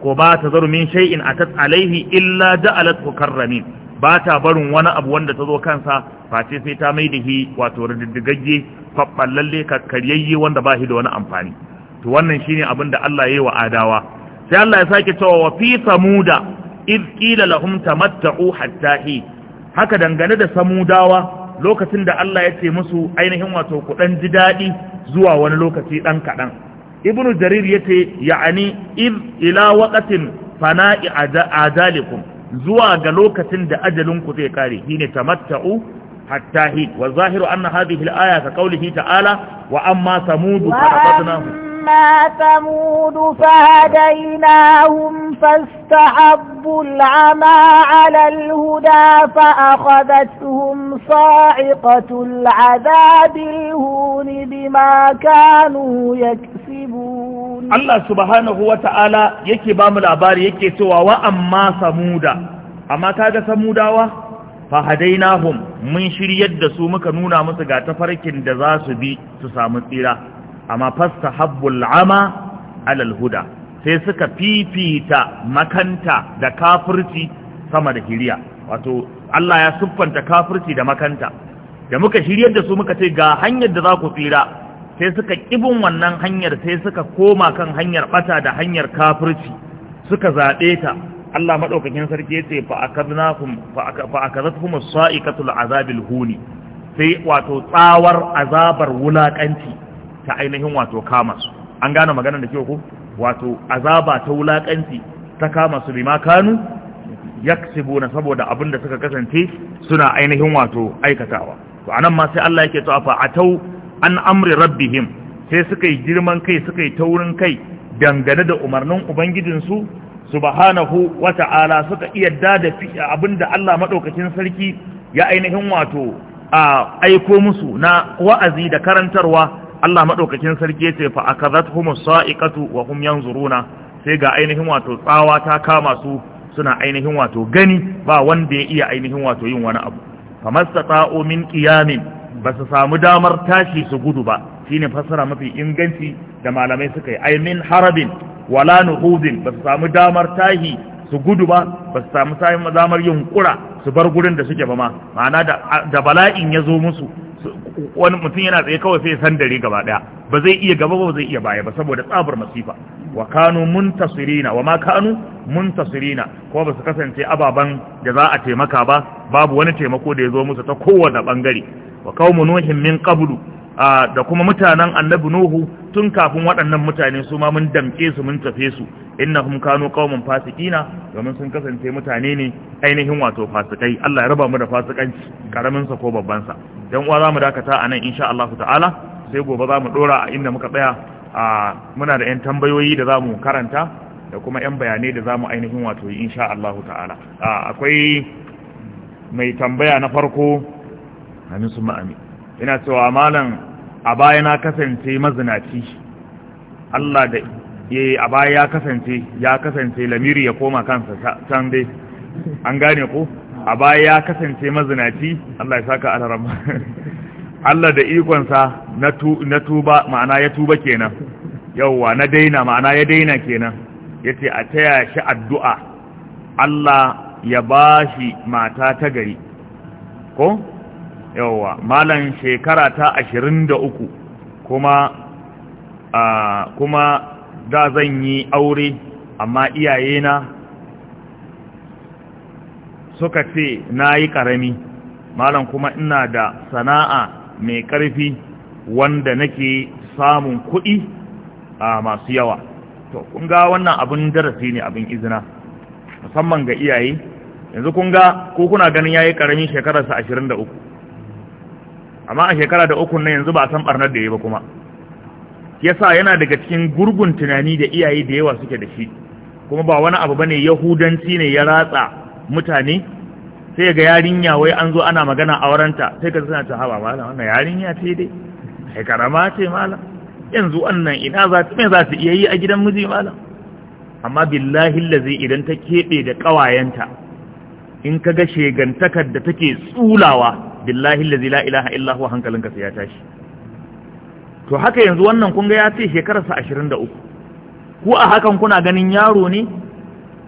ko ba tazaru min shay'in atat alaihi illa ja'alat mukarramin ba ta barin wani abu wanda ta zo kansa face sai ta mai da shi wato riddigagge lalle kakkaryayye wanda ba shi da wani amfani to wannan shine abin da Allah ya yi wa adawa sai Allah ya sake cewa wa fi samuda iz qila lahum tamatta'u hatta hi haka dangane da samudawa lokacin da Allah ya ce musu ainihin wato ku dan ji dadi zuwa wani lokaci dan kadan ibnu jarir yace ya'ani iz ila wakatin fana'i ajalikum zuwa ga lokacin da ajalin ku zai kare shine tamatta'u hatta hi wa zahiru anna hadhihi al-aya ka qawlihi ta'ala wa amma samud fa أما ثمود فهديناهم فاستحبوا العمى على الهدى فأخذتهم صاعقة العذاب الهون بما كانوا يكسبون الله سبحانه وتعالى يكي بام العبار يكي سوى وأما ثمود أما كاد ثموداوة فهديناهم من شريد سومك نونا مسجا تفرك دزاس بي تسامن إله amma fasta habbul ama alal huda sai suka fifita makanta da kafirci sama da hiriya. wato Allah ya siffanta kafirci da makanta da muka shiryar da su muka ce ga hanyar da za ku tsira sai suka kibin wannan hanyar sai suka koma kan hanyar bata da hanyar kafirci suka zaɓe ta Allah maɗaukakin sarki ya ce fa akazatuhum as-sa'iqatul azabil huni sai wato tsawar azabar wulakanci ta ainihin wato kama su an gane maganar da ke ku wato azaba ta wulakanci ta kama su bima kanu yaksibuna saboda abin da suka kasance suna ainihin wato aikatawa to anan ma sai Allah yake cewa a tau an amri rabbihim sai suka yi girman kai suka yi taurin kai dangane da umarnin ubangijinsu subhanahu wata'ala suka iya abin da Allah madaukakin sarki ya ainihin wato a aiko musu na wa'azi da karantarwa Allah madaukakin sarki yace fa akazathumus sa'iqatu wa hum yanzuruna sai ga ainihin wato tsawa ta kama su suna ainihin wato gani ba wanda ya iya ainihin wato yin wani abu famastata'u min qiyamin su samu damar tashi su gudu ba shine fassara mafi inganci da malamai suka yi ai min harabin wala nuhudin su samu damar tashi su gudu ba ba su samu damar kura su bar gurin da suke ba ma ma'ana da bala'in ya zo musu wani mutum yana tsaye kawai sai san dare gaba daya ba zai iya gaba ba zai iya baya ba saboda tsabar masifa wa kanu muntasirina wa ma kanu muntasirina kuma ba su kasance ababan da za a taimaka ba babu wani taimako da ya zo musu ta kowane bangare wa qaumu nuhin min qablu da kuma mutanen annabi nuhu tun kafin waɗannan mutane su ma mun damke su mun tafe su inna hum kanu qauman fasikina domin sun kasance mutane ne ainihin wato fasikai Allah ya raba mu da fasikanci karamin sa ko babban sa dan uwa zamu dakata anan insha Allah ta'ala sai gobe zamu dora a inda muka tsaya a muna da yan tambayoyi da zamu karanta da kuma yan bayanai da zamu ainihin wato yi insha Allah ta'ala akwai mai tambaya na farko amin summa amin ina cewa malam a baya na kasance mazinaci Allah da ya eh, a baya ya kasance ya kasance lamiri ya koma kansa can dai an gane ku? a baya ya kasance mazinaci Allah ya saka alarama Allah da ikonsa na tuba ma'ana ya tuba kenan yauwa na daina ma'ana ya daina kenan Ya ce a taya shi addu'a Allah ya bashi mata ta gari ko yawwa malan shekara ta 23 kuma a kuma da zan yi aure amma iyayena suka ce na yi ƙarami malam kuma ina da sana'a mai ƙarfi wanda nake samun kuɗi a masu yawa to kun ga wannan abin darasi ne abin izina musamman ga iyaye yanzu kun ga ko kuna ganin ya yi karamin shekararsa 23 amma a shekara da uku na yanzu ba a san barnar da ya ba kuma yasa yana daga cikin gurgun tunani da iyaye da yawa suke da shi kuma ba wani abu bane yahudanci ne ya ratsa mutane sai ga yarinya wai an zo ana magana aurenta sai ka suna ta haba malam wannan yarinya ce dai sai karama ce malam yanzu wannan ina za ta me za ta iya yi a gidan miji malam amma billahi allazi idan ta kebe da kawayenta in kaga shegantakar da take tsulawa billahi allazi la ilaha illa huwa hankalinka sai ya tashi to haka yanzu wannan kun ga ya ce shekararsa 23 ku a hakan kuna ganin yaro ne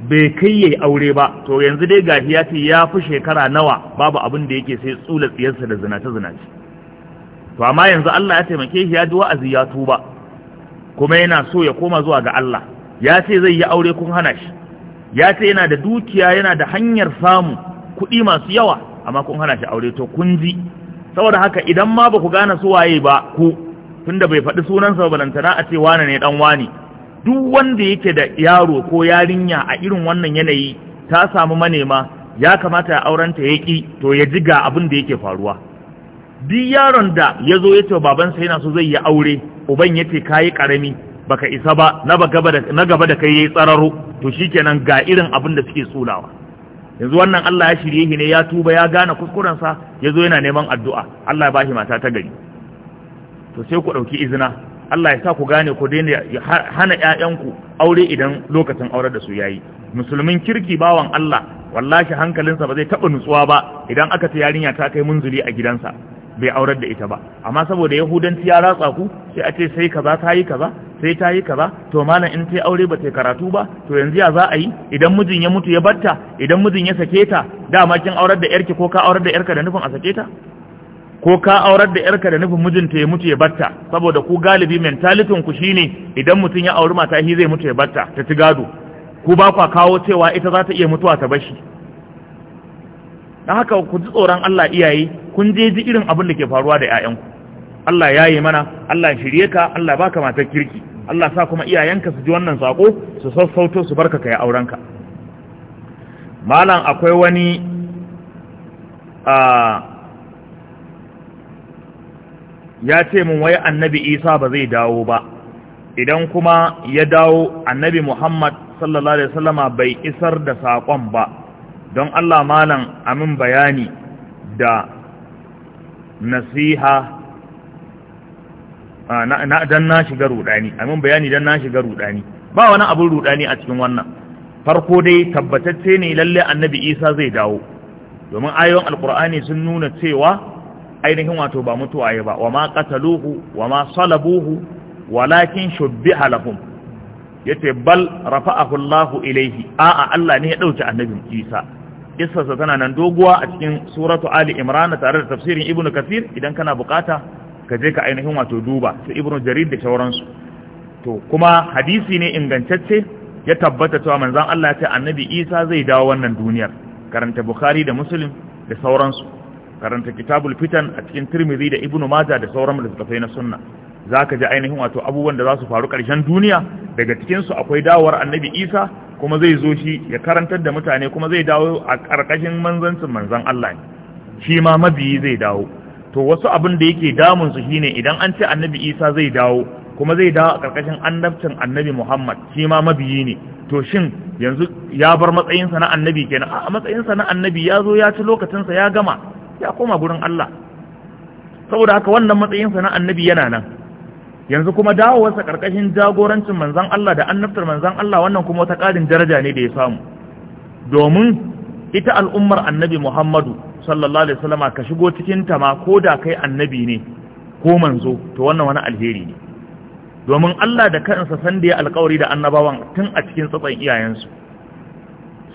bai kai yayi aure ba to yanzu dai gashi ya ce ya fi shekara nawa babu abin da yake sai tsula tsiyarsa da zinace zinace to amma yanzu Allah ya taimake shi ya ji wa'azi ya tuba kuma yana so ya koma zuwa ga Allah ya ce zai yi aure kun hana shi ya ce yana da dukiya yana da hanyar samu kuɗi masu yawa amma kun hana shi aure to kun ji saboda haka idan ma ba ku gane su waye ba ku tunda bai faɗi sunansa ba balantana a ce wane ne dan wani duk wanda yake da yaro ko yarinya a irin wannan yanayi ta samu manema ya kamata ya aurenta ya ƙi to ya ji ga abin da yake faruwa duk yaron da ya zo ya ce babansa yana so zai yi aure uban ya ce kayi ƙarami baka isa ba na gaba da kai yayi tsararo to shikenan ga irin abin da suke tsulawa yanzu wannan Allah ya shirye shi ne ya tuba ya gane kuskurensa ya zo yana neman addu'a Allah ya bashi mata ta gari to sai ku ɗauki izina Allah ya sa ku gane ku daina hana ‘ya'yanku aure idan lokacin aure da su ya yi musulmin kirki bawan Allah wallashi hankalinsa ba zai taɓa nutsuwa ba idan aka ta yarinya ta kai munzuli a gidansa bai aurar da ita ba amma saboda yahudanci ya ratsa ku sai a ce sai kaza ta yi kaza sai ta yi kaza to malam in ta aure ba ta karatu ba to yanzu ya za a yi idan mijin ya mutu ya batta idan mijin ya sake ta dama kin aurar da yarki ko ka aurar da yarka da nufin a sake ta ko ka aurar da yarka da nufin mijin ta ya mutu ya batta saboda ku galibi mentalitin ku shine idan mutum ya auri mata shi zai mutu ya batta ta ci gado ku ba kwa kawo cewa ita za ta iya mutuwa ta bashi don haka ku ji tsoron Allah iyaye kun je ji irin abin da ke faruwa da 'ya'yanku Allah ya yi mana Allah shirye ka Allah baka matar kirki Allah sa kuma iyayenka su ji wannan sako su sassauto su barka ka ya aurenka malam akwai wani ya ce min wai annabi isa ba zai dawo ba idan kuma ya dawo annabi muhammad sallallahu alaihi wasallama bai isar da saƙon ba don Allah malam amin bayani da nasiha na na shiga rudani amin bayani dan na shiga rudani ba wani abin rudani a cikin wannan farko dai tabbatacce ne lalle annabi Isa zai dawo domin ayoyin alkur'ani sun nuna cewa ainihin wato ba mutuwa ya ba wa ma qataluhu wa ma salabuhu walakin shubbiha Ya ce bal rafa'ahu Allahu a'a Allah ne ya ɗauki annabi Isa kissarsa tana nan doguwa a cikin suratu ali imran tare da tafsirin ibn kasir idan kana bukata ka je ka ainihin wato duba su ibn jarir da sauransu to kuma hadisi ne ingantacce ya tabbata cewa manzon Allah ya ce annabi Isa zai dawo wannan duniyar karanta bukhari da muslim da sauransu karanta kitabul fitan a cikin tirmidhi da ibn majah da sauran littattafai na sunna za ka ji ainihin wato abubuwan da za su faru ƙarshen duniya daga cikinsu akwai dawowar annabi isa kuma zai zo shi ya karantar da mutane kuma zai dawo a ƙarƙashin manzancin manzan allah ne shi ma mabiyi zai dawo to wasu abin da yake damunsu shine idan an ce annabi isa zai dawo kuma zai dawo a ƙarƙashin annabcin annabi muhammad shi ma mabiyi ne to shin yanzu ya bar matsayinsa na annabi kenan a matsayinsa na annabi ya zo ya ci lokacinsa ya gama ya koma gurin allah saboda haka wannan matsayinsa na annabi yana nan yanzu kuma dawowarsa ƙarƙashin jagorancin manzan Allah da annabtar manzan Allah wannan kuma wata ƙarin daraja ne da ya samu domin ita al'ummar annabi Muhammadu sallallahu alaihi wasallama ka shigo cikin ta ma ko da kai annabi ne ko manzo to wannan wani alheri ne domin Allah da kansa san da ya alƙawari da annabawan tun a cikin tsatsan iyayensu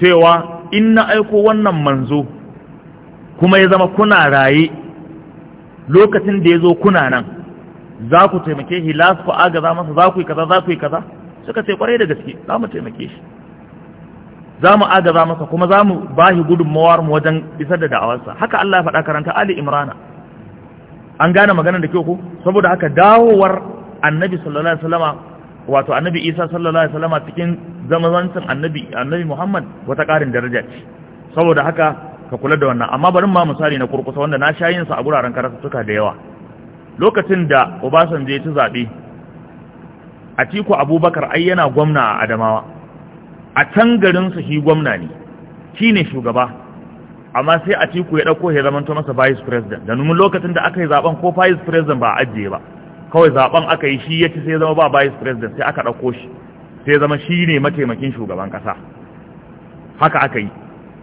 cewa in na aiko wannan manzo kuma ya zama kuna raye lokacin da ya zo kuna nan za ku taimake shi la ku agaza masa za ku yi kaza za ku yi kaza suka ce kwarai da gaske za mu taimake shi za mu agaza masa kuma za mu ba shi gudunmawar mu wajen isar da da'awarsa haka Allah ya faɗa karanta Ali Imrana an gane maganar da kyau ko saboda haka dawowar annabi sallallahu alaihi wasallama wato annabi Isa sallallahu alaihi wasallama cikin zamanancin annabi annabi Muhammad wata ƙarin daraja ce saboda haka ka kula da wannan amma bari ma misali na kurkusa wanda na sha sa a guraren karatu suka da yawa lokacin da obasanjo ya ci zaɓe a tiku abubakar ai yana gwamna a adamawa a can garinsa shi gwamna ne shi ne shugaba amma sai a tiku ya ɗauko ya zamanto masa vice president da numin lokacin da aka yi zaɓen ko vice president ba a ajiye ba kawai zaɓen aka yi shi ya ci sai zama ba vice president sai aka ɗauko shi sai zama shi ne mataimakin shugaban ƙasa haka aka yi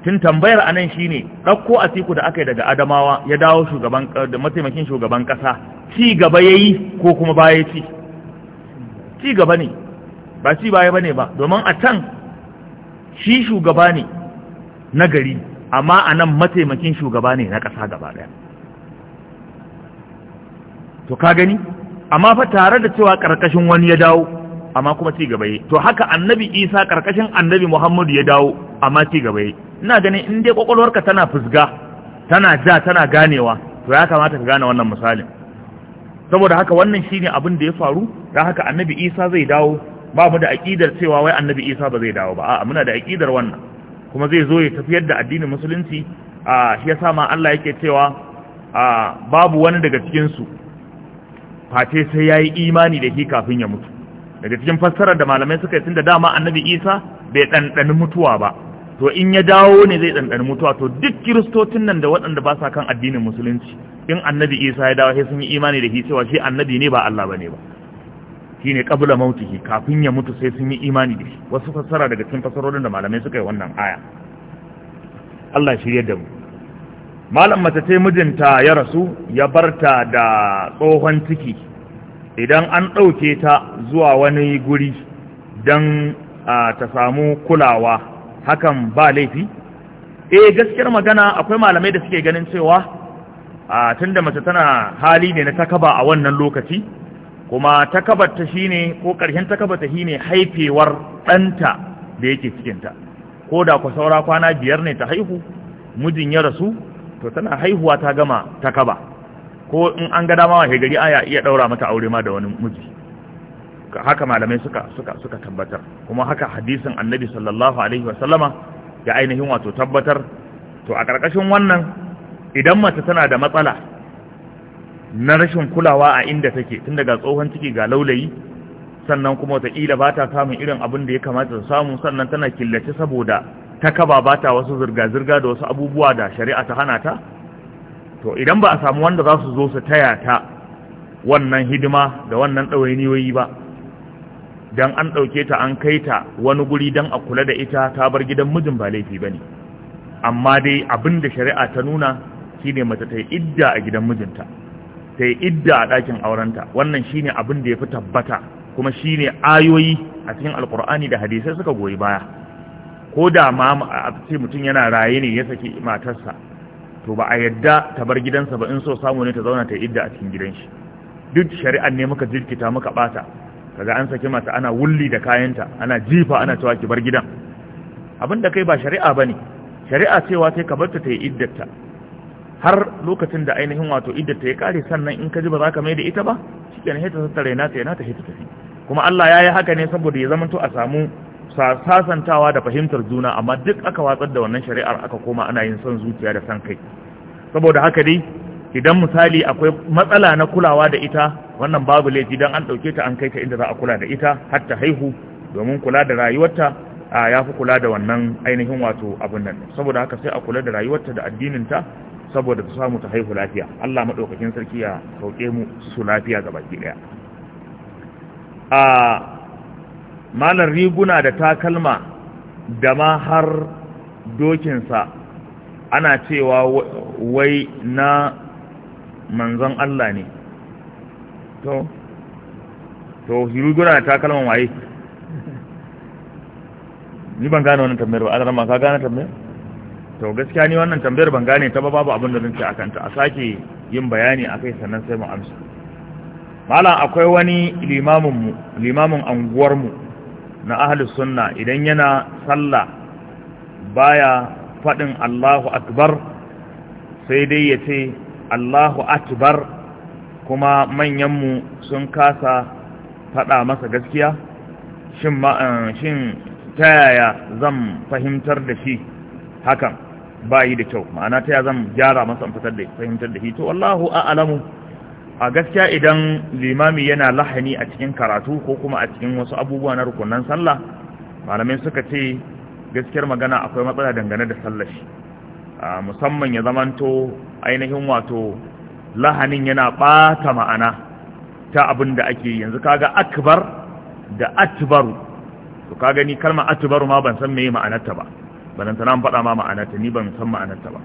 tun tambayar anan shine ɗauko a siku da aka yi daga Adamawa ya dawo shugaban eh, da mataimakin shugaban ƙasa ci gaba yi ko kuma baya ci ci gaba ne ba ci baya ba ne ba domin a can shi shugaba ne na gari amma nan mataimakin shugaba ne na ƙasa gaba ɗaya to ka gani amma fa tare da cewa ƙarƙashin wani ya dawo amma kuma ci gaba yi to haka annabi Isa ƙarƙashin annabi Muhammadu ya dawo amma ci gaba yi ina ganin in dai kwakwalwarka tana fusga tana ja tana ganewa to ya kamata ka gane wannan misalin saboda haka wannan shine abin da ya faru da haka annabi isa zai dawo ba mu da aqidar cewa wai annabi isa ba zai dawo ba a'a muna da aqidar wannan kuma zai zo ya tafiyar da addinin musulunci a shi yasa ma Allah yake cewa a babu wani daga cikin su face sai yi imani da shi kafin ya mutu daga cikin fassarar da malamai suka yi da dama annabi isa bai ɗanɗani mutuwa ba to in ya dawo ne zai ɗanɗan mutuwa to duk kiristocin nan da waɗanda ba sa kan addinin musulunci in annabi isa ya dawo sai sun yi imani da shi cewa shi annabi ne ba Allah bane ba shi ne kabula mautiki kafin ya mutu sai sun yi imani da shi wasu fassara daga cikin fassarorin da malamai suka yi wannan aya Allah shirya da mu malam mace ce mijinta ya rasu ya barta da tsohon ciki idan an ɗauke ta zuwa wani guri don ta samu kulawa hakan ba laifi eh gaskiyar magana akwai malamai da suke ganin cewa a tunda mace tana hali ne na takaba a wannan lokaci kuma takabar ta shine ko karshen takabar ta shine haifewar danta da yake cikinta ko da ku saura kwana biyar ne ta haihu mijin ya rasu to tana haihuwa ta gama takaba ko in an ga dama wa gari aya iya daura mata aure ma da wani miji haka malamai suka suka suka tabbatar kuma haka hadisin annabi sallallahu alaihi wa sallama ya ainihin wato tabbatar to a ƙarƙashin wannan idan mace tana da matsala na rashin kulawa a inda take tun daga tsohon ciki ga laulayi sannan kuma watakila ba ta samun irin abin da ya kamata ta samu sannan tana killace saboda ta kaba ba ta wasu zirga-zirga da wasu abubuwa da shari'a ta hana ta to idan ba a samu wanda za su zo su taya ta wannan hidima da wannan ɗawainiyoyi ba dan an ɗauke ta an kai ta wani guri dan a kula da ita ta bar gidan mijin ba laifi ba ne amma dai abin da shari'a ta nuna shine mace ta yi idda a gidan mijinta ta yi idda a ɗakin aurenta wannan shine abin da ya fi tabbata kuma shine ayoyi a cikin alkur'ani da hadisai suka goyi baya ko da ma a ce mutum yana raye ne ya saki matarsa to ba a yadda ta bar gidansa ba in so samu ne ta zauna ta idda a cikin gidan shi duk shari'ar ne muka jirkita muka bata kaga an saki mata ana wulli da kayanta ana jifa ana cewa ki bar gidan abinda kai ba shari'a bane shari'a cewa sai ka barta ta yi iddarta har lokacin da ainihin wato iddarta ya kare sannan in ka ji ba za ka mai da ita ba shikenan na tattare na ta yana ta hita tafi kuma Allah ya yi haka ne saboda ya zamanto a samu sasantawa da fahimtar juna amma duk aka watsar da wannan shari'ar aka koma ana yin son zuciya da san kai saboda haka dai idan misali akwai matsala na kulawa da ita wannan babu laifi dan an dauke ta an kai ta inda za a kula da ita har ta haihu domin kula da rayuwarta a yafi kula da wannan ainihin wato abin nan saboda haka sai a kula da rayuwarta da addinin ta saboda ta samu ta haihu lafiya Allah madaukakin sarki ya sauke mu su lafiya ga baki daya a malar riguna da takalma da ma har dokinsa ana cewa wai na manzon Allah ne to to hirugura ta kalman waye ni ban gane wannan tambayar ba alarma ka gane tambayar to gaskiya ni wannan tambayar ban gane ta ba babu abin da zan ce akan ta a sake yin bayani akai sannan sai mu amsa malam akwai wani limamin mu limamin anguwar mu na ahli sunna idan yana sallah baya fadin Allahu akbar sai dai ya ce Allahu akbar kuma manyanmu sun kasa faɗa masa gaskiya shin eh, ta yaya zan fahimtar da shi hakan bayi da kyau ma'ana ta yaya zan gyara masa fahimtar da shi to allahu a'lamu a gaskiya idan limami yana lahani a cikin karatu ko kuma a cikin wasu abubuwa na rukunan sallah malamai suka ce gaskiyar magana akwai matsala dangane da sallah shi ah, musamman ya zamanto ainihin wato lahanin yana ɓata ma'ana ta abin da ake yanzu kaga akbar da atbaru to ka gani kalmar atbaru ma ban san meye ma'anarta ba ban san an faɗa ma ma'anarta ni ban san ma'anarta ba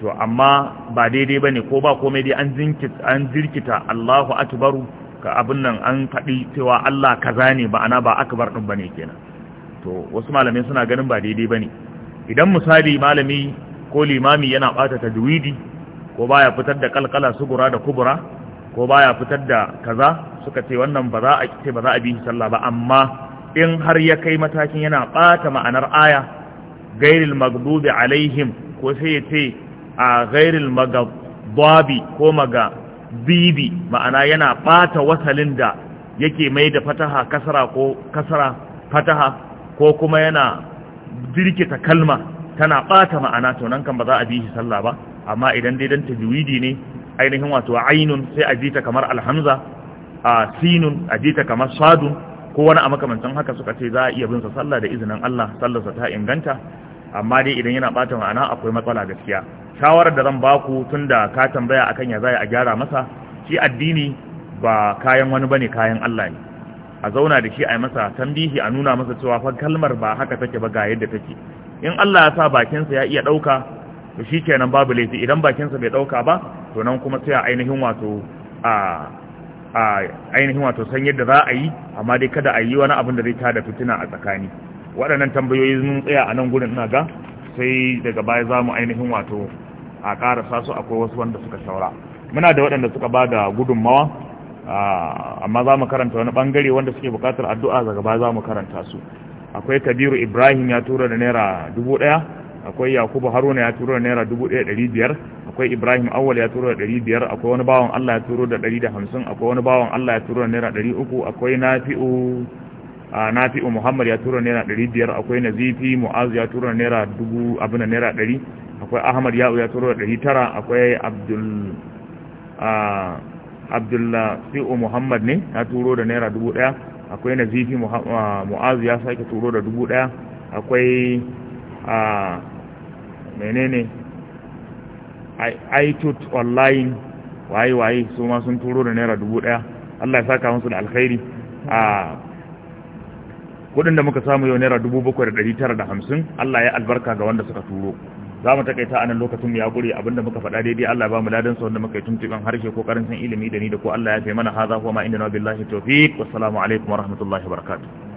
to amma ba daidai bane ko ba komai dai an zinkita an zirkita Allahu akbaru ka abin nan an faɗi cewa Allah kaza ne ma'ana ba akbar din bane kenan to wasu malamai suna ganin ba daidai bane idan misali malami ko limami yana bata tajwidi ko baya fitar da kalkala sugura da kubura ko baya fitar da kaza suka ce wannan ba za a ce ba za a bi sallah ba amma in har ya kai matakin yana bata ma'anar aya gairil maghdubi alaihim ko sai ya ce a gairil maghdubi ko maga bibi ma'ana yana bata wasalin da yake mai da fataha kasara ko kasara fataha ko kuma yana jirkita kalma tana bata ma'ana to nan kan ba za a bi shi sallah ba amma idan dai dan tajwidi ne ainihin wato ainun sai a jita kamar alhamza a sinun ajita kamar sadun ko wani a makamancin haka suka ce za a iya bin sa sallah da izinin Allah sallarsa ta inganta amma dai idan yana bata ma'ana akwai matsala gaskiya shawarar da zan ba baku tunda ka tambaya akan ya zai a gyara masa shi addini ba kayan wani bane kayan Allah ne a zauna da shi a yi masa tambihi a nuna masa cewa fa kalmar ba haka take ba ga yadda take in Allah ya sa bakinsa ya iya ɗauka to shi kenan babu laifi idan bakinsa bai ɗauka ba to nan kuma sai a ainihin wato a ainihin wato san yadda za a yi amma dai kada a yi wani abin da zai tada fitina a tsakani waɗannan tambayoyi sun tsaya a nan gurin ina ga sai daga baya za mu ainihin wato a ƙarasa su akwai wasu wanda suka saura muna da waɗanda suka ba da gudunmawa amma za mu karanta wani ɓangare wanda suke buƙatar addu'a daga baya za mu karanta su akwai kabiru ibrahim ya tura da naira dubu ɗaya akwai yakubu haruna ya turo da naira dubu biyar akwai ibrahim awal ya turo da 500 biyar akwai wani bawan allah ya turo da 150 da hamsin akwai wani bawan allah ya turo da naira 300 uku akwai nafi'u nafi'u muhammad ya turo da naira 500 biyar akwai nazifi mu'az ya turo da naira 2000 abin da naira 100 akwai ahmad ya'u ya turo da 900 tara akwai abdul abdullah fi'u muhammad ne ya turo da naira dubu ɗaya akwai nazifi mu'az ya sake turo da dubu daya akwai menene itut online waye-waye su ma sun turo da naira dubu daya Allah ya saka musu da alkhairi a ah, kudin da muka samu yau naira dubu bakwai da dari tara da hamsin Allah ya albarka ga wanda suka turo za mu takaita a nan lokacin mu ya gure abinda muka faɗa daidai Allah ba mu ladan sa wanda muka yi tuntuɓen harshe ko karancin ilimi da ni da ko Allah ya fi mana haza kuma inda na billahi tawfiq wassalamu alaikum wa rahmatullahi wa barakatuh